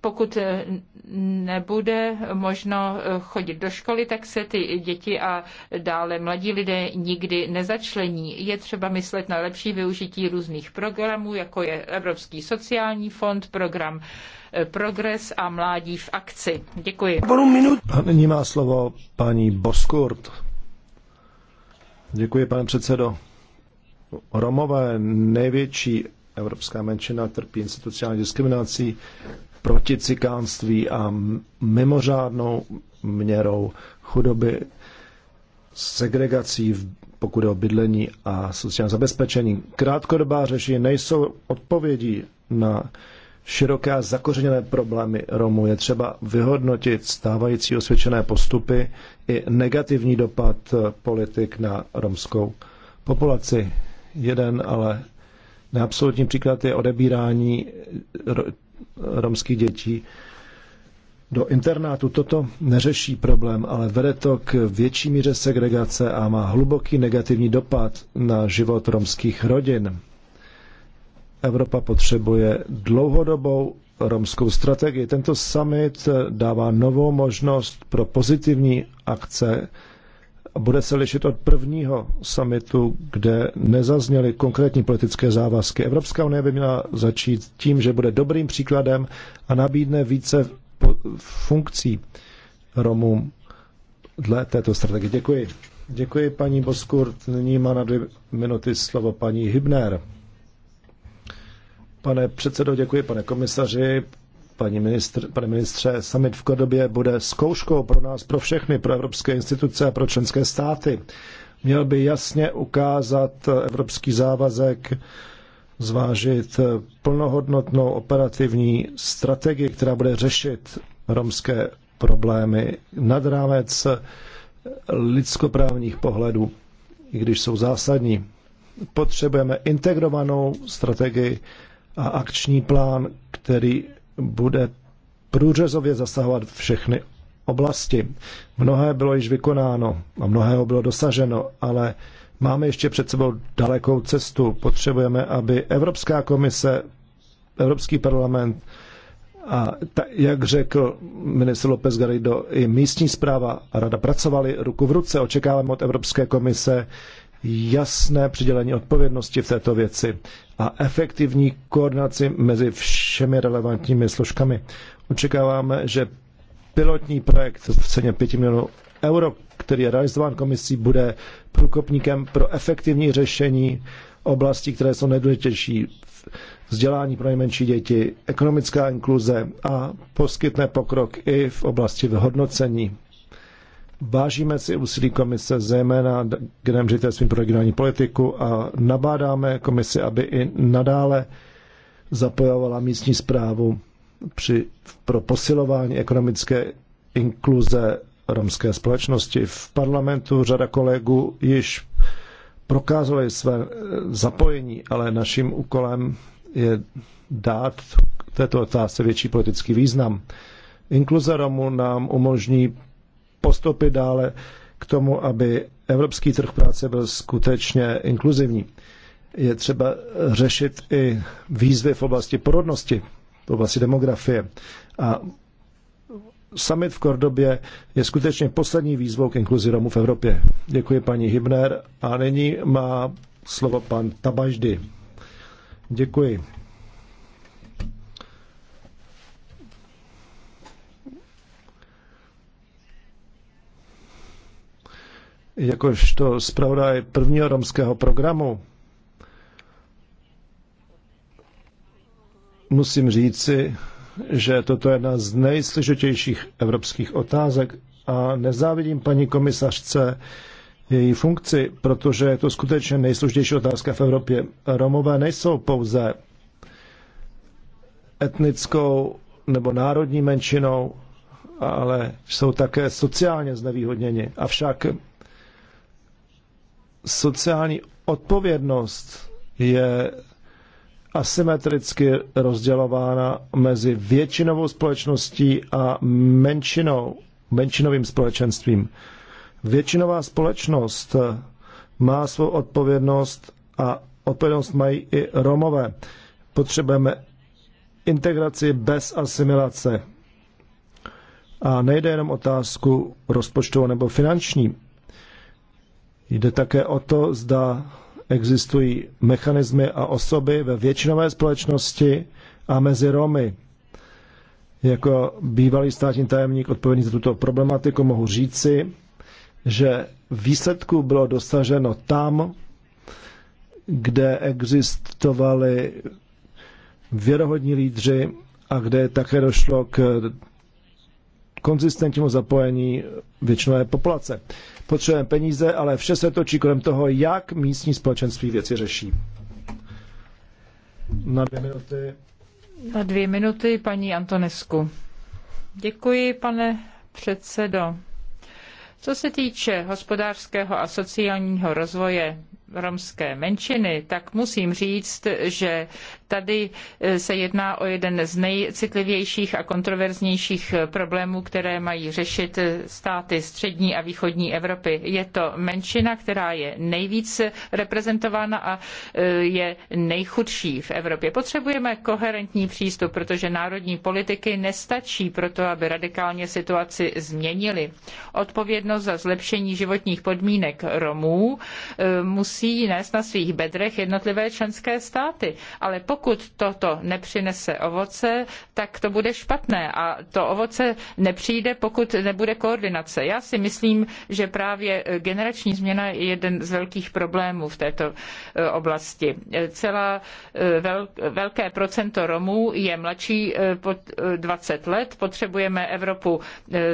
pokud eh, nebude možno eh, chodit do školy, tak se ty děti a dále mladí lidé nikdy nezačlení. Je třeba myslet na lepší využití různých programů, jako je Evropský sociální fond, program eh, Progres a Mládí v akci. Děkuji. A nyní má slovo paní Boskurt. Děkuji, pane předsedo. Romové největší evropská menšina trpí institucionální diskriminací proti cikánství a mimořádnou měrou chudoby, segregací, pokud je o bydlení a sociální zabezpečení. Krátkodobá řešení nejsou odpovědí na široké a zakořeněné problémy Romů. Je třeba vyhodnotit stávající osvědčené postupy i negativní dopad politik na romskou populaci. Jeden ale neabsolutní příklad je odebírání romských dětí do internátu. Toto neřeší problém, ale vede to k větší míře segregace a má hluboký negativní dopad na život romských rodin. Evropa potřebuje dlouhodobou romskou strategii. Tento summit dává novou možnost pro pozitivní akce, bude se lišit od prvního samitu, kde nezazněly konkrétní politické závazky. Evropská unie by měla začít tím, že bude dobrým příkladem a nabídne více funkcí Romům dle této strategie. Děkuji. Děkuji, paní Boskurt. Nyní má na dvě minuty slovo paní Hybner. Pane předsedo, děkuji, pane komisaři, paní ministr, pane ministře. Summit v Kodobě bude zkouškou pro nás, pro všechny, pro evropské instituce a pro členské státy. Měl by jasně ukázat evropský závazek, zvážit plnohodnotnou operativní strategii, která bude řešit romské problémy nad rámec lidskoprávních pohledů, i když jsou zásadní. Potřebujeme integrovanou strategii a akční plán, který bude průřezově zasahovat všechny oblasti. Mnohé bylo již vykonáno a mnohého bylo dosaženo, ale máme ještě před sebou dalekou cestu. Potřebujeme, aby Evropská komise, Evropský parlament a ta, jak řekl ministr López Garrido, i místní zpráva a rada pracovali ruku v ruce. Očekáváme od Evropské komise, jasné přidělení odpovědnosti v této věci a efektivní koordinaci mezi všemi relevantními složkami. Očekáváme, že pilotní projekt v ceně 5 milionů euro, který je realizován komisí, bude průkopníkem pro efektivní řešení oblastí, které jsou nejdůležitější. Vzdělání pro nejmenší děti, ekonomická inkluze a poskytne pokrok i v oblasti vyhodnocení Vážíme si úsilí komise zejména generálním ředitelstvím pro regionální politiku a nabádáme komisi, aby i nadále zapojovala místní zprávu při, pro posilování ekonomické inkluze romské společnosti. V parlamentu řada kolegů již prokázali své eh, zapojení, ale naším úkolem je dát této otázce větší politický význam. Inkluze Romů nám umožní postoupit dále k tomu, aby evropský trh práce byl skutečně inkluzivní. Je třeba řešit i výzvy v oblasti porodnosti, v oblasti demografie. A summit v Kordobě je skutečně poslední výzvou k inkluzi Romů v Evropě. Děkuji paní Hibner a nyní má slovo pan Tabaždy. Děkuji. jakožto zpravodaj prvního romského programu, musím říci, že toto je jedna z nejsložitějších evropských otázek a nezávidím paní komisařce její funkci, protože je to skutečně nejsložitější otázka v Evropě. Romové nejsou pouze etnickou nebo národní menšinou, ale jsou také sociálně znevýhodněni. Avšak sociální odpovědnost je asymetricky rozdělována mezi většinovou společností a menšinou, menšinovým společenstvím. Většinová společnost má svou odpovědnost a odpovědnost mají i Romové. Potřebujeme integraci bez asimilace. A nejde jenom otázku rozpočtovou nebo finanční. Jde také o to, zda existují mechanismy a osoby ve většinové společnosti a mezi Romy. Jako bývalý státní tajemník odpovědný za tuto problematiku mohu říci, že výsledku bylo dosaženo tam, kde existovali věrohodní lídři a kde také došlo k konzistentnímu zapojení většinové populace. Potřebujeme peníze, ale vše se točí kolem toho, jak místní společenství věci řeší. Na dvě minuty. Na dvě minuty paní Antonesku. Děkuji, pane předsedo. Co se týče hospodářského a sociálního rozvoje romské menšiny, tak musím říct, že Tady eh, se jedná o jeden z nejcitlivějších a kontroverznějších eh, problémů, které mají řešit eh, státy střední a východní Evropy. Je to menšina, která je nejvíc reprezentována a je nejchudší v Evropě. Potřebujeme koherentní přístup, protože národní politiky nestačí pro to, aby radikálně situaci změnili. Odpovědnost za zlepšení životních podmínek Romů musí nést na svých bedrech jednotlivé členské státy. Ale pokud pokud toto nepřinese ovoce, tak to bude špatné a to ovoce nepřijde, pokud nebude koordinace. Já si myslím, že právě generační změna je jeden z velkých problémů v této e, oblasti. Celá e, velké procento Romů je mladší e, pod 20 let, potřebujeme Evropu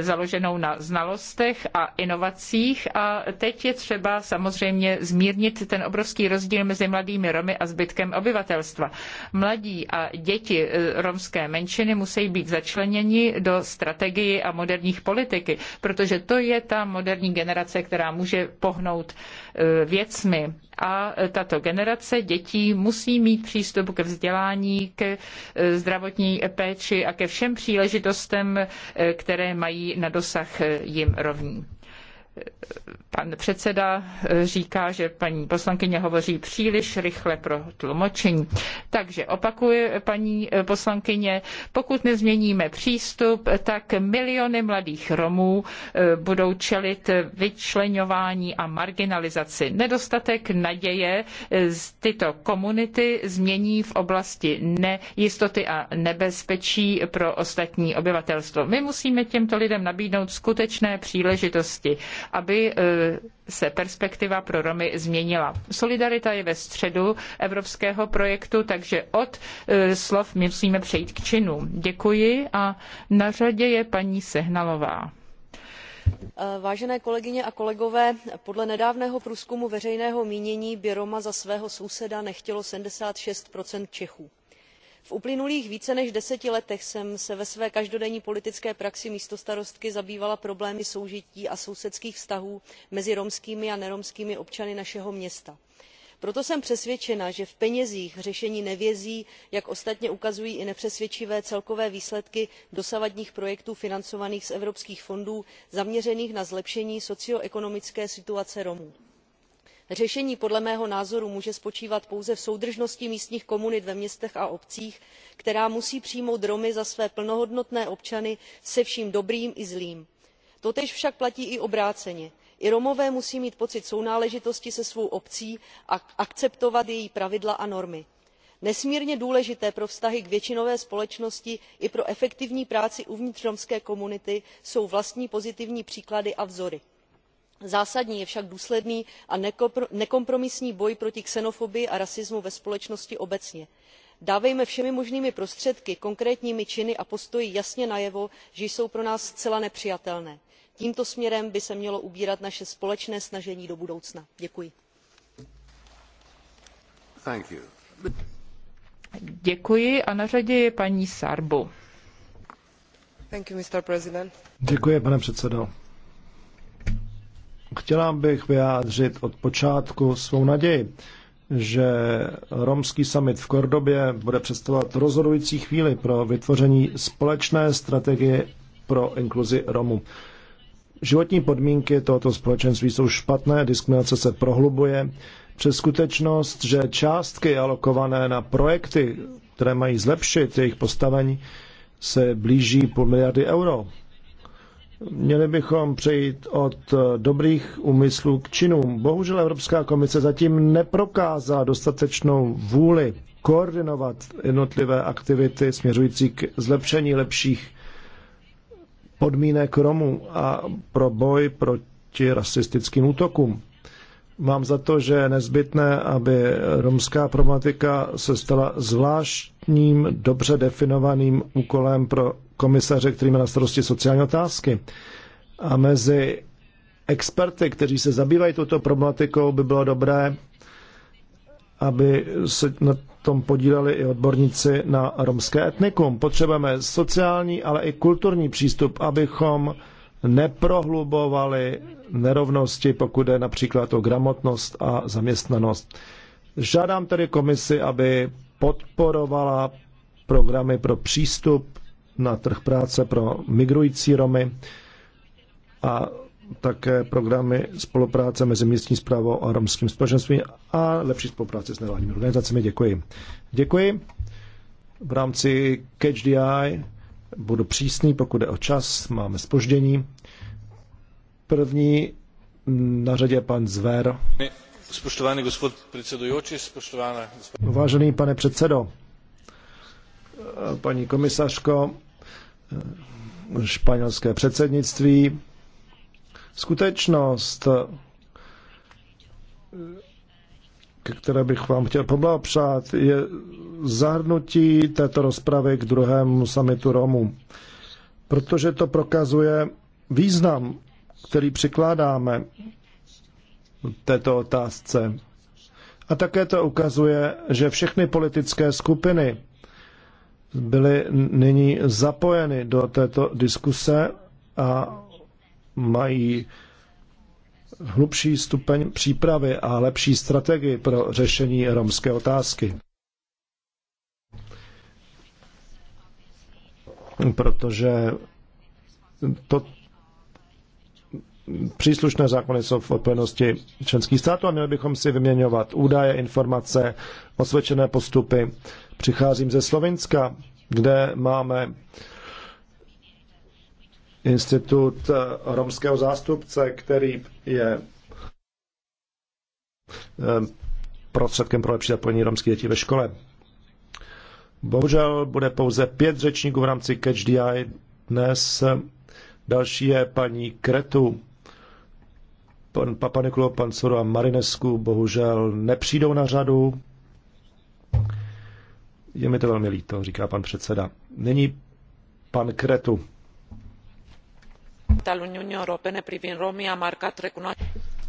založenou na znalostech a inovacích a teď je třeba samozřejmě zmírnit ten obrovský rozdíl mezi mladými Romy a zbytkem obyvatelstva. Mladí a děti eh, romské menšiny musí být začleněni do strategii a moderních politiky, protože to je ta moderní generace, která může pohnout eh, věcmi. A eh, tato generace dětí musí mít přístup ke vzdělání, ke zdravotní péči a ke všem příležitostem, které mají na dosah jim rovní pan předseda eh, říká, že paní poslankyně hovoří příliš rychle pro tlumočení. Takže opakuje paní eh, poslankyně, pokud nezměníme přístup, tak miliony mladých Romů eh, budou čelit vyčleňování a marginalizaci. Nedostatek naděje z tyto komunity změní v oblasti nejistoty a nebezpečí pro ostatní obyvatelstvo. My musíme těmto lidem nabídnout skutečné příležitosti aby e, se perspektiva pro Romy změnila. Solidarita je ve středu evropského projektu, takže od e, slov musíme přejít k činům. Děkuji a na řadě je paní Sehnalová vážené kolegyně a kolegové podle nedávného průzkumu veřejného mínění by roma za svého souseda nechtělo seventy six čechů v uplynulých více než deseti letech jsem se ve své každodenní politické praxi místostarostky zabývala problémy soužití a sousedských vztahů mezi romskými a neromskými občany našeho města. proto jsem přesvědčena že v penězích řešení nevězí jak ostatně ukazují i nepřesvědčivé celkové výsledky dosavadních projektů financovaných z evropských fondů zaměřených na zlepšení socio ekonomické situace romů řešení podle mého názoru může spočívat pouze v soudržnosti místních komunit ve městech a obcích která musí přijmout romy za své plnohodnotné občany se vším dobrým i zlým. totéž však platí i obráceně i romové musí mít pocit sounáležitosti se svou obcí a akceptovat její pravidla a normy. nesmírně důležité pro vztahy k většinové společnosti i pro efektivní práci uvnitř romské komunity jsou vlastní pozitivní příklady a vzory zásadní je však důsledný a nekompromisní boj proti xenofobii a rasismu ve společnosti obecně. dávejme všemi možnými prostředky konkrétními činy a postoji jasně najevo že jsou pro nás zcela nepřijatelné. tímto směrem by se mělo ubírat naše společné snažení do budoucna. děkuji. děkuji a paní děkuji, pane předsedající Chtěla bych vyjádřit od počátku svou naději, že romský summit v Kordobě bude představovat rozhodující chvíli pro vytvoření společné strategie pro inkluzi Romů. Životní podmínky tohoto společenství jsou špatné, diskriminace se prohlubuje přes skutečnost, že částky alokované na projekty, které mají zlepšit jejich postavení, se blíží půl miliardy euro. Měli bychom přejít od eh, dobrých úmyslů k činům. Bohužel Evropská komise zatím neprokázá dostatečnou vůli koordinovat jednotlivé aktivity směřující k zlepšení lepších podmínek Romů a pro boj proti rasistickým útokům. Mám za to, že je nezbytné, aby romská problematika se stala zvlášť konkrétním, dobře definovaným úkolem pro komisaře, který má na starosti sociální otázky. A mezi experty, kteří se zabývají touto problematikou, by bylo dobré, aby se na tom podíleli i odborníci na romské etnikum. Potřebujeme sociální, ale i kulturní přístup, abychom neprohlubovali nerovnosti, pokud je například o gramotnost a zaměstnanost. Žádám tedy komisi, aby podporovala programy pro přístup na trh práce pro migrující Romy a také programy spolupráce mezi místní zprávou a romským společenstvím a lepší spolupráce s nevládními organizacemi. Děkuji. Děkuji. V rámci Catch the Eye budu přísný, pokud je o čas, máme spoždění. První na řadě pan Zver. Ne gospod predsedujoči, Vážený pane předsedo, paní komisařko, španělské předsednictví, skutečnost, ke které bych vám chtěl poblahopřát, je zahrnutí této rozpravy k druhému samitu Romů, protože to prokazuje význam, který přikládáme této otázce. A také to ukazuje, že všechny politické skupiny byly nyní zapojeny do této diskuse a mají hlubší stupeň přípravy a lepší strategii pro řešení romské otázky. Protože to, příslušné zákony jsou v odpovědnosti členských států a měli bychom si vyměňovat údaje, informace, osvědčené postupy. Přicházím ze Slovenska, kde máme institut eh, romského zástupce, který je eh, prostředkem pro lepší zapojení romských dětí ve škole. Bohužel bude pouze pět řečníků v rámci Catch the Eye dnes. Eh, další je paní Kretu Pan Papa pan Soro a Marinesku bohužel nepřijdou na řadu. Je mi to velmi líto, říká pan předseda. Není pan Kretu.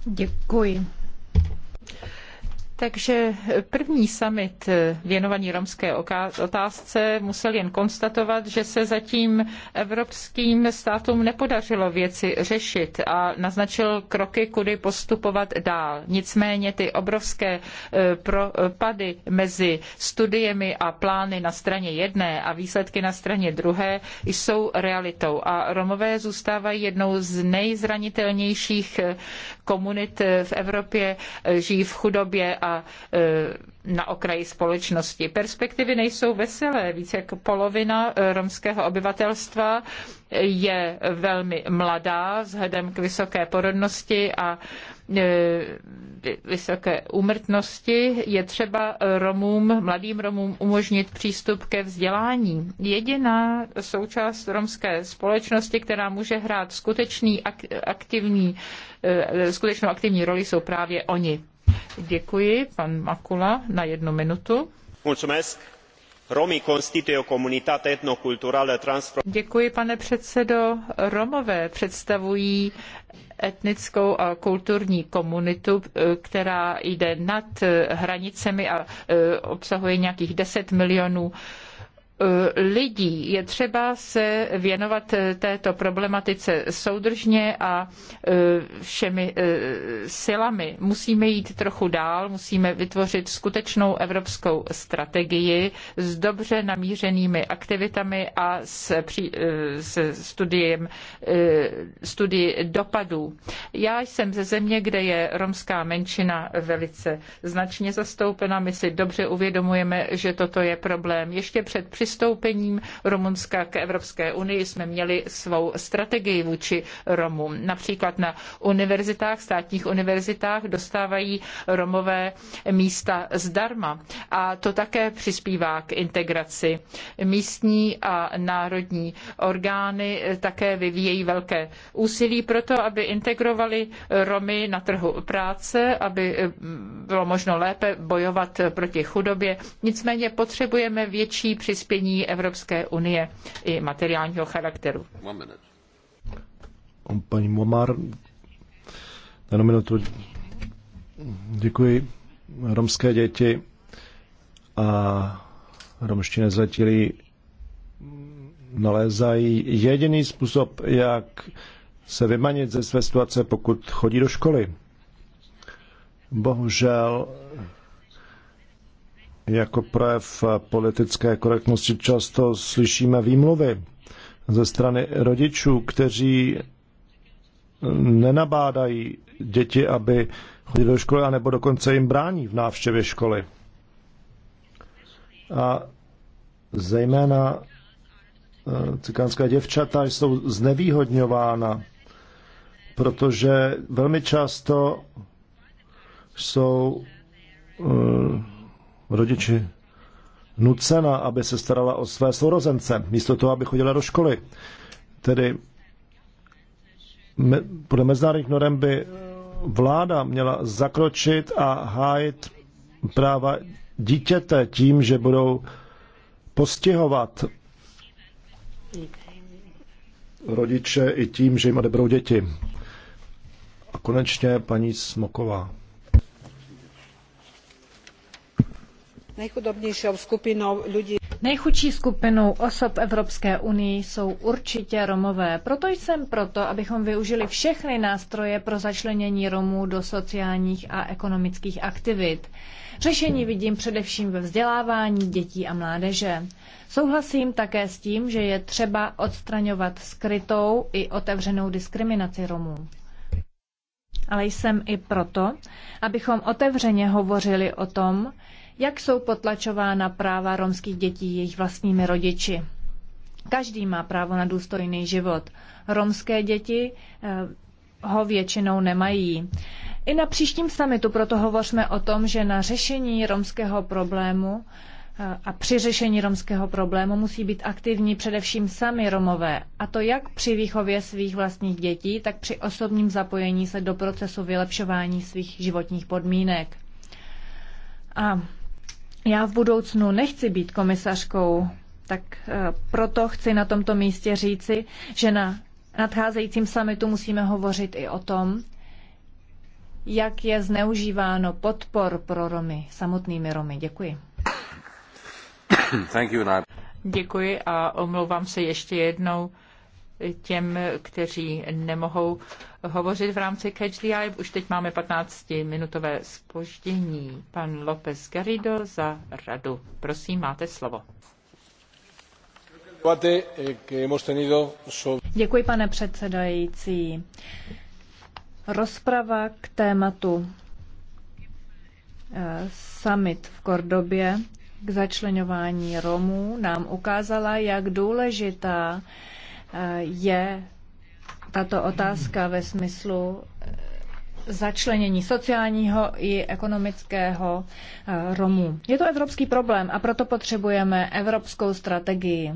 Děkuji. Takže první summit věnovaný romské otázce musel jen konstatovat, že se zatím evropským státům nepodařilo věci řešit a naznačil kroky, kudy postupovat dál. Nicméně ty obrovské e, propady mezi studiemi a plány na straně jedné a výsledky na straně druhé jsou realitou. A Romové zůstávají jednou z nejzranitelnějších e, komunit e, v Evropě, žijí v chudobě a a e, na okraji společnosti. Perspektivy nejsou veselé. Více jak polovina e, romského obyvatelstva je velmi mladá vzhledem k vysoké porodnosti a e, vysoké úmrtnosti. Je třeba Romům, mladým Romům umožnit přístup ke vzdělání. Jediná součást romské společnosti, která může hrát skutečný aktivní, skutečnou aktivní roli, jsou právě oni. Děkuji, pan Makula, na jednu minutu. Mulțumesc. Romi constituie o comunitate etnoculturală Děkuji, pane předsedo. Romové představují etnickou a kulturní komunitu, eh, která jde nad hranicemi a eh, obsahuje nějakých 10 milionů lidí. Je třeba se věnovat eh, této problematice soudržně a eh, všemi eh, silami. Musíme jít trochu dál, musíme vytvořit skutečnou evropskou strategii s dobře namířenými aktivitami a s, při, s studiem, studii dopadů. Já jsem ze země, kde je romská menšina velice značně zastoupena. My si dobře uvědomujeme, že toto je problém. Ještě před při přistoupením Rumunska k Evropské unii jsme měli svou strategii vůči Romům. Například na univerzitách, státních univerzitách dostávají Romové místa zdarma a to také přispívá k integraci. Místní a národní orgány také vyvíjejí velké úsilí pro to, aby integrovali Romy na trhu práce, aby eh, bylo možno lépe bojovat proti chudobě. Nicméně potřebujeme větší přispění opatření Evropské unie i materiálního charakteru. Paní Momar, na minutu. Děkuji. Romské děti a romští nezletilí nalézají jediný způsob, jak se vymanit ze své situace, pokud chodí do školy. Bohužel jako projev politické korektnosti často slyšíme výmluvy ze strany rodičů, kteří nenabádají děti, aby chodili do školy, anebo dokonce jim brání v návštěvě školy. A zejména eh, cikánská děvčata jsou znevýhodňována, protože velmi často jsou eh, rodiči nucena, aby se starala o své sourozence, místo toho, aby chodila do školy. Tedy me, podle mezinárodních norem by vláda měla zakročit a hájit práva dítěte tím, že budou postihovat rodiče i tím, že jim odebrou děti. A konečně paní Smoková. nejchudobnějšou skupinou lidí. Nejchudší skupinou osob v Evropské unii jsou určitě Romové. Proto jsem proto, abychom využili všechny nástroje pro začlenění Romů do sociálních a ekonomických aktivit. Řešení vidím především ve vzdělávání dětí a mládeže. Souhlasím také s tím, že je třeba odstraňovat skrytou i otevřenou diskriminaci Romů. Ale jsem i proto, abychom otevřeně hovořili o tom, jak jsou potlačována práva romských dětí jejich vlastními rodiči. Každý má právo na důstojný život. Romské děti eh, ho většinou nemají. I na příštím samitu proto hovořme o tom, že na řešení romského problému eh, a při řešení romského problému musí být aktivní především sami Romové, a to jak při výchově svých vlastních dětí, tak při osobním zapojení se do procesu vylepšování svých životních podmínek. A já v budoucnu nechci být komisařkou, tak eh, proto chci na tomto místě říci, že na nadcházejícím samitu musíme hovořit i o tom, jak je zneužíváno podpor pro Romy, samotnými Romy. Děkuji. Děkuji a omlouvám se ještě jednou těm, kteří nemohou hovořit v rámci Catch the Eye. Už teď máme 15-minutové spoždění. Pan López Garrido za radu. Prosím, máte slovo. Eh, Děkuji, pane předsedající. Rozprava k tématu eh, summit v Kordobě k začlenování Romů nám ukázala, jak důležitá je tato otázka ve smyslu eh, začlenění sociálního i ekonomického eh, Romů. Je to evropský problém a proto potřebujeme evropskou strategii.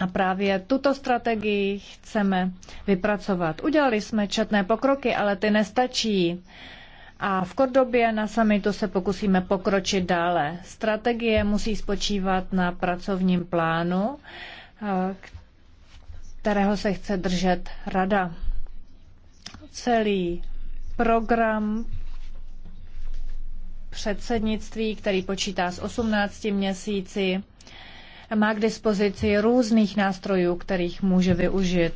A právě tuto strategii chceme vypracovat. Udělali jsme četné pokroky, ale ty nestačí. A v Kordobě na samitu se pokusíme pokročit dále. Strategie musí spočívat na pracovním plánu, eh, kterého se chce držet rada. Celý program předsednictví, který počítá s 18 měsíci, má k dispozici různých nástrojů, kterých může využít.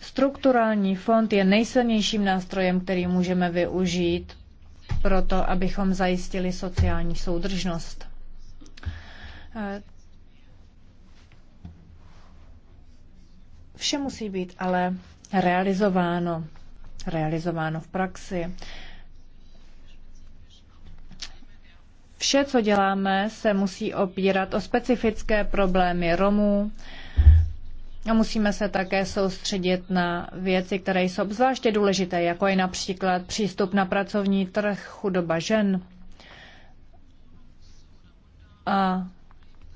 Strukturální fond je nejsilnějším nástrojem, který můžeme využít proto, abychom zajistili sociální soudržnost. Vše musí být ale realizováno, realizováno v praxi. Vše, co děláme, se musí opírat o specifické problémy Romů a musíme se také soustředit na věci, které jsou obzvláště důležité, jako je například přístup na pracovní trh, chudoba žen a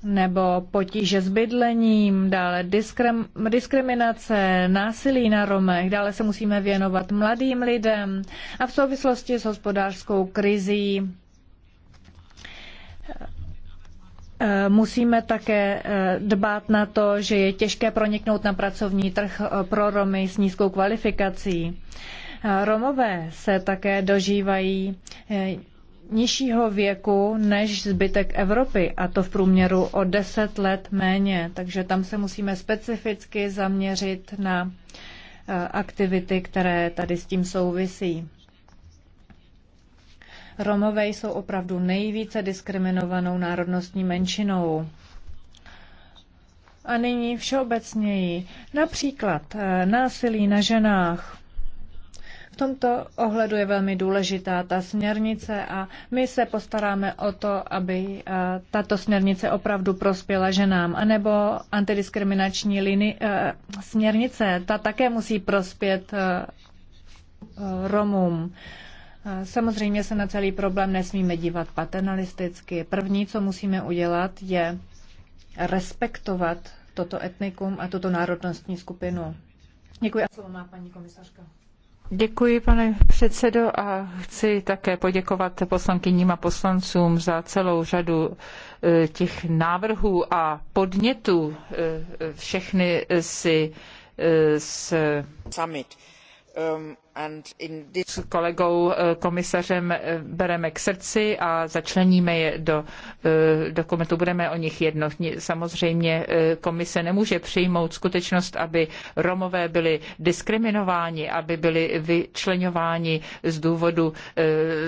nebo potíže s bydlením, dále diskrim, diskriminace, násilí na Romech, dále se musíme věnovat mladým lidem a v souvislosti s hospodářskou krizí eh, Musíme také eh, dbát na to, že je těžké proniknout na pracovní trh eh, pro Romy s nízkou kvalifikací. Romové se také dožívají nižšího věku než zbytek Evropy, a to v průměru o 10 let méně. Takže tam se musíme specificky zaměřit na eh, aktivity, které tady s tím souvisí. Romové jsou opravdu nejvíce diskriminovanou národnostní menšinou. A nyní všeobecněji. Například eh, násilí na ženách, v tomto ohledu je velmi důležitá ta směrnice a my se postaráme o to, aby eh, tato směrnice opravdu prospěla ženám. A nebo antidiskriminační lini, eh, směrnice, ta také musí prospět eh, Romům. Samozřejmě se na celý problém nesmíme dívat paternalisticky. První, co musíme udělat, je respektovat toto etnikum a tuto národnostní skupinu. Děkuji a slovo má paní komisařka. Děkuji, pane předsedo, a chci také poděkovat poslankyním a poslancům za celou řadu e, těch návrhů a podnětů. E, všechny si e, s... Summit. Um, s kolegou eh, komisařem eh, bereme k srdci a začleníme je do eh, dokumentu. Budeme o nich jednotní. Samozřejmě komise nemůže přijmout skutečnost, aby Romové byli diskriminováni, aby byli vyčleňováni z důvodu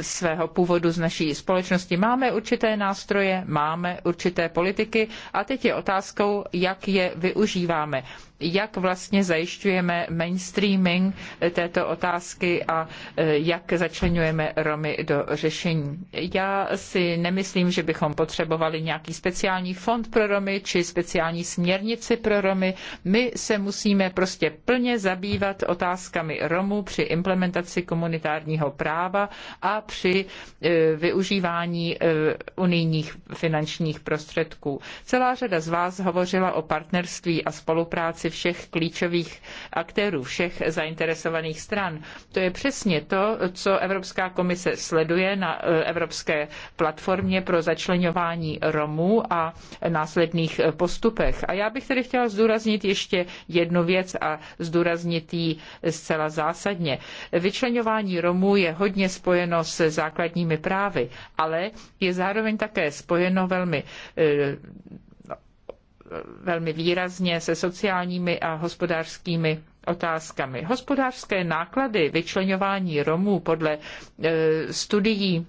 svého původu z naší společnosti. Máme určité nástroje, máme určité politiky a teď je otázkou, jak je využíváme. Jak vlastně zajišťujeme mainstreaming této otázky otázky a e, jak začlenujeme Romy do řešení. Já si nemyslím, že bychom potřebovali nějaký speciální fond pro Romy či speciální směrnici pro Romy. My se musíme prostě plně zabývat otázkami Romů při implementaci komunitárního práva a při e, využívání e, unijních finančních prostředků. Celá řada z vás hovořila o partnerství a spolupráci všech klíčových aktérů, všech zainteresovaných stran. To je přesně to, co Evropská komise sleduje na e, Evropské platformě pro začlenování Romů a následných e, postupech. A já bych tedy chtěla zdůraznit ještě jednu věc a zdůraznit ji zcela zásadně. Vyčlenování Romů je hodně spojeno se základními právy, ale je zároveň také spojeno velmi e, no, velmi výrazně se sociálními a hospodářskými otázkami. Hospodářské náklady vyčlenování Romů podle eh, studií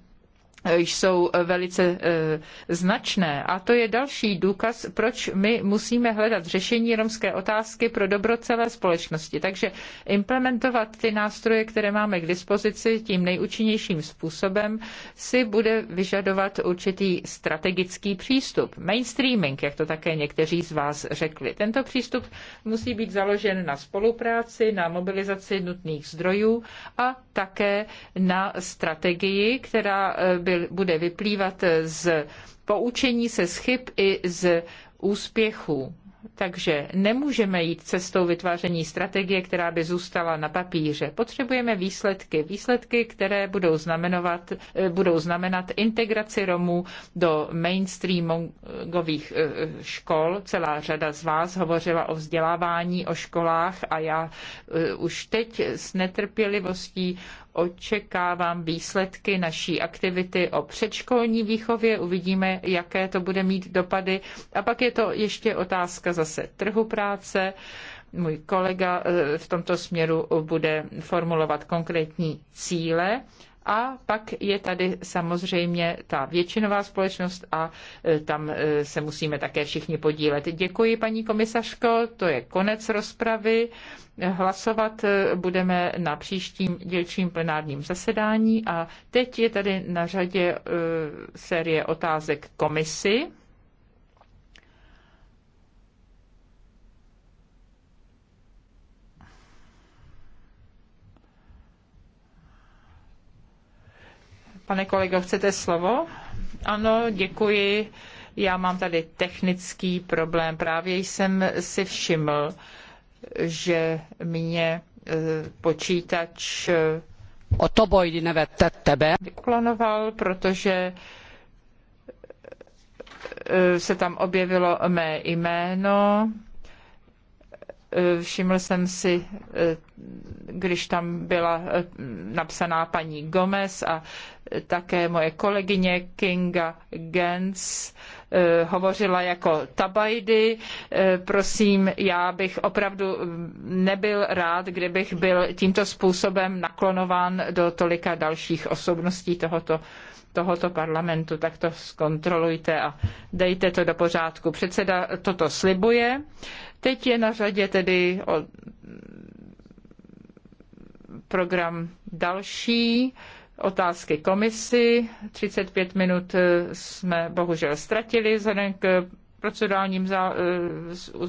jsou velice eh, značné. A to je další důkaz, proč my musíme hledat řešení romské otázky pro dobro celé společnosti. Takže implementovat ty nástroje, které máme k dispozici tím nejúčinnějším způsobem, si bude vyžadovat určitý strategický přístup. Mainstreaming, jak to také někteří z vás řekli. Tento přístup musí být založen na spolupráci, na mobilizaci nutných zdrojů a také na strategii, která eh, by byl, bude vyplývat z poučení se z chyb i z úspěchů. Takže nemůžeme jít cestou vytváření strategie, která by zůstala na papíře. Potřebujeme výsledky. Výsledky, které budou, znamenovat, eh, budou znamenat integraci Romů do mainstreamových eh, škol. Celá řada z vás hovořila o vzdělávání, o školách a já eh, už teď s netrpělivostí očekávám výsledky naší aktivity o předškolní výchově, uvidíme, jaké to bude mít dopady. A pak je to ještě otázka zase trhu práce. Můj kolega eh, v tomto směru bude formulovat konkrétní cíle a pak je tady samozřejmě ta většinová společnost a e, tam e, se musíme také všichni podílet. Děkuji, paní komisařko, to je konec rozpravy. Hlasovat e, budeme na příštím dělčím plenárním zasedání a teď je tady na řadě série otázek komisi. Pane kolego, chcete slovo? Ano, děkuji. Já mám tady technický problém. Právě jsem si všiml, že mě e, počítač o to bojdi nevette tebe. Vyklonoval, protože e, se tam objevilo mé jméno Eh, všiml jsem si, eh, když tam byla eh, napsaná paní Gomez a také moje kolegyně Kinga Gens hovořila jako tabajdy. Prosím, já bych opravdu mm, nebyl rád, kdybych byl tímto způsobem naklonován do tolika dalších osobností tohoto tohoto parlamentu, tak to zkontrolujte a dejte to do pořádku. Předseda toto slibuje. Teď je na řadě tedy o program další, otázky komisi. 35 minut eh, jsme bohužel ztratili vzhledem k procedurálním zá, eh,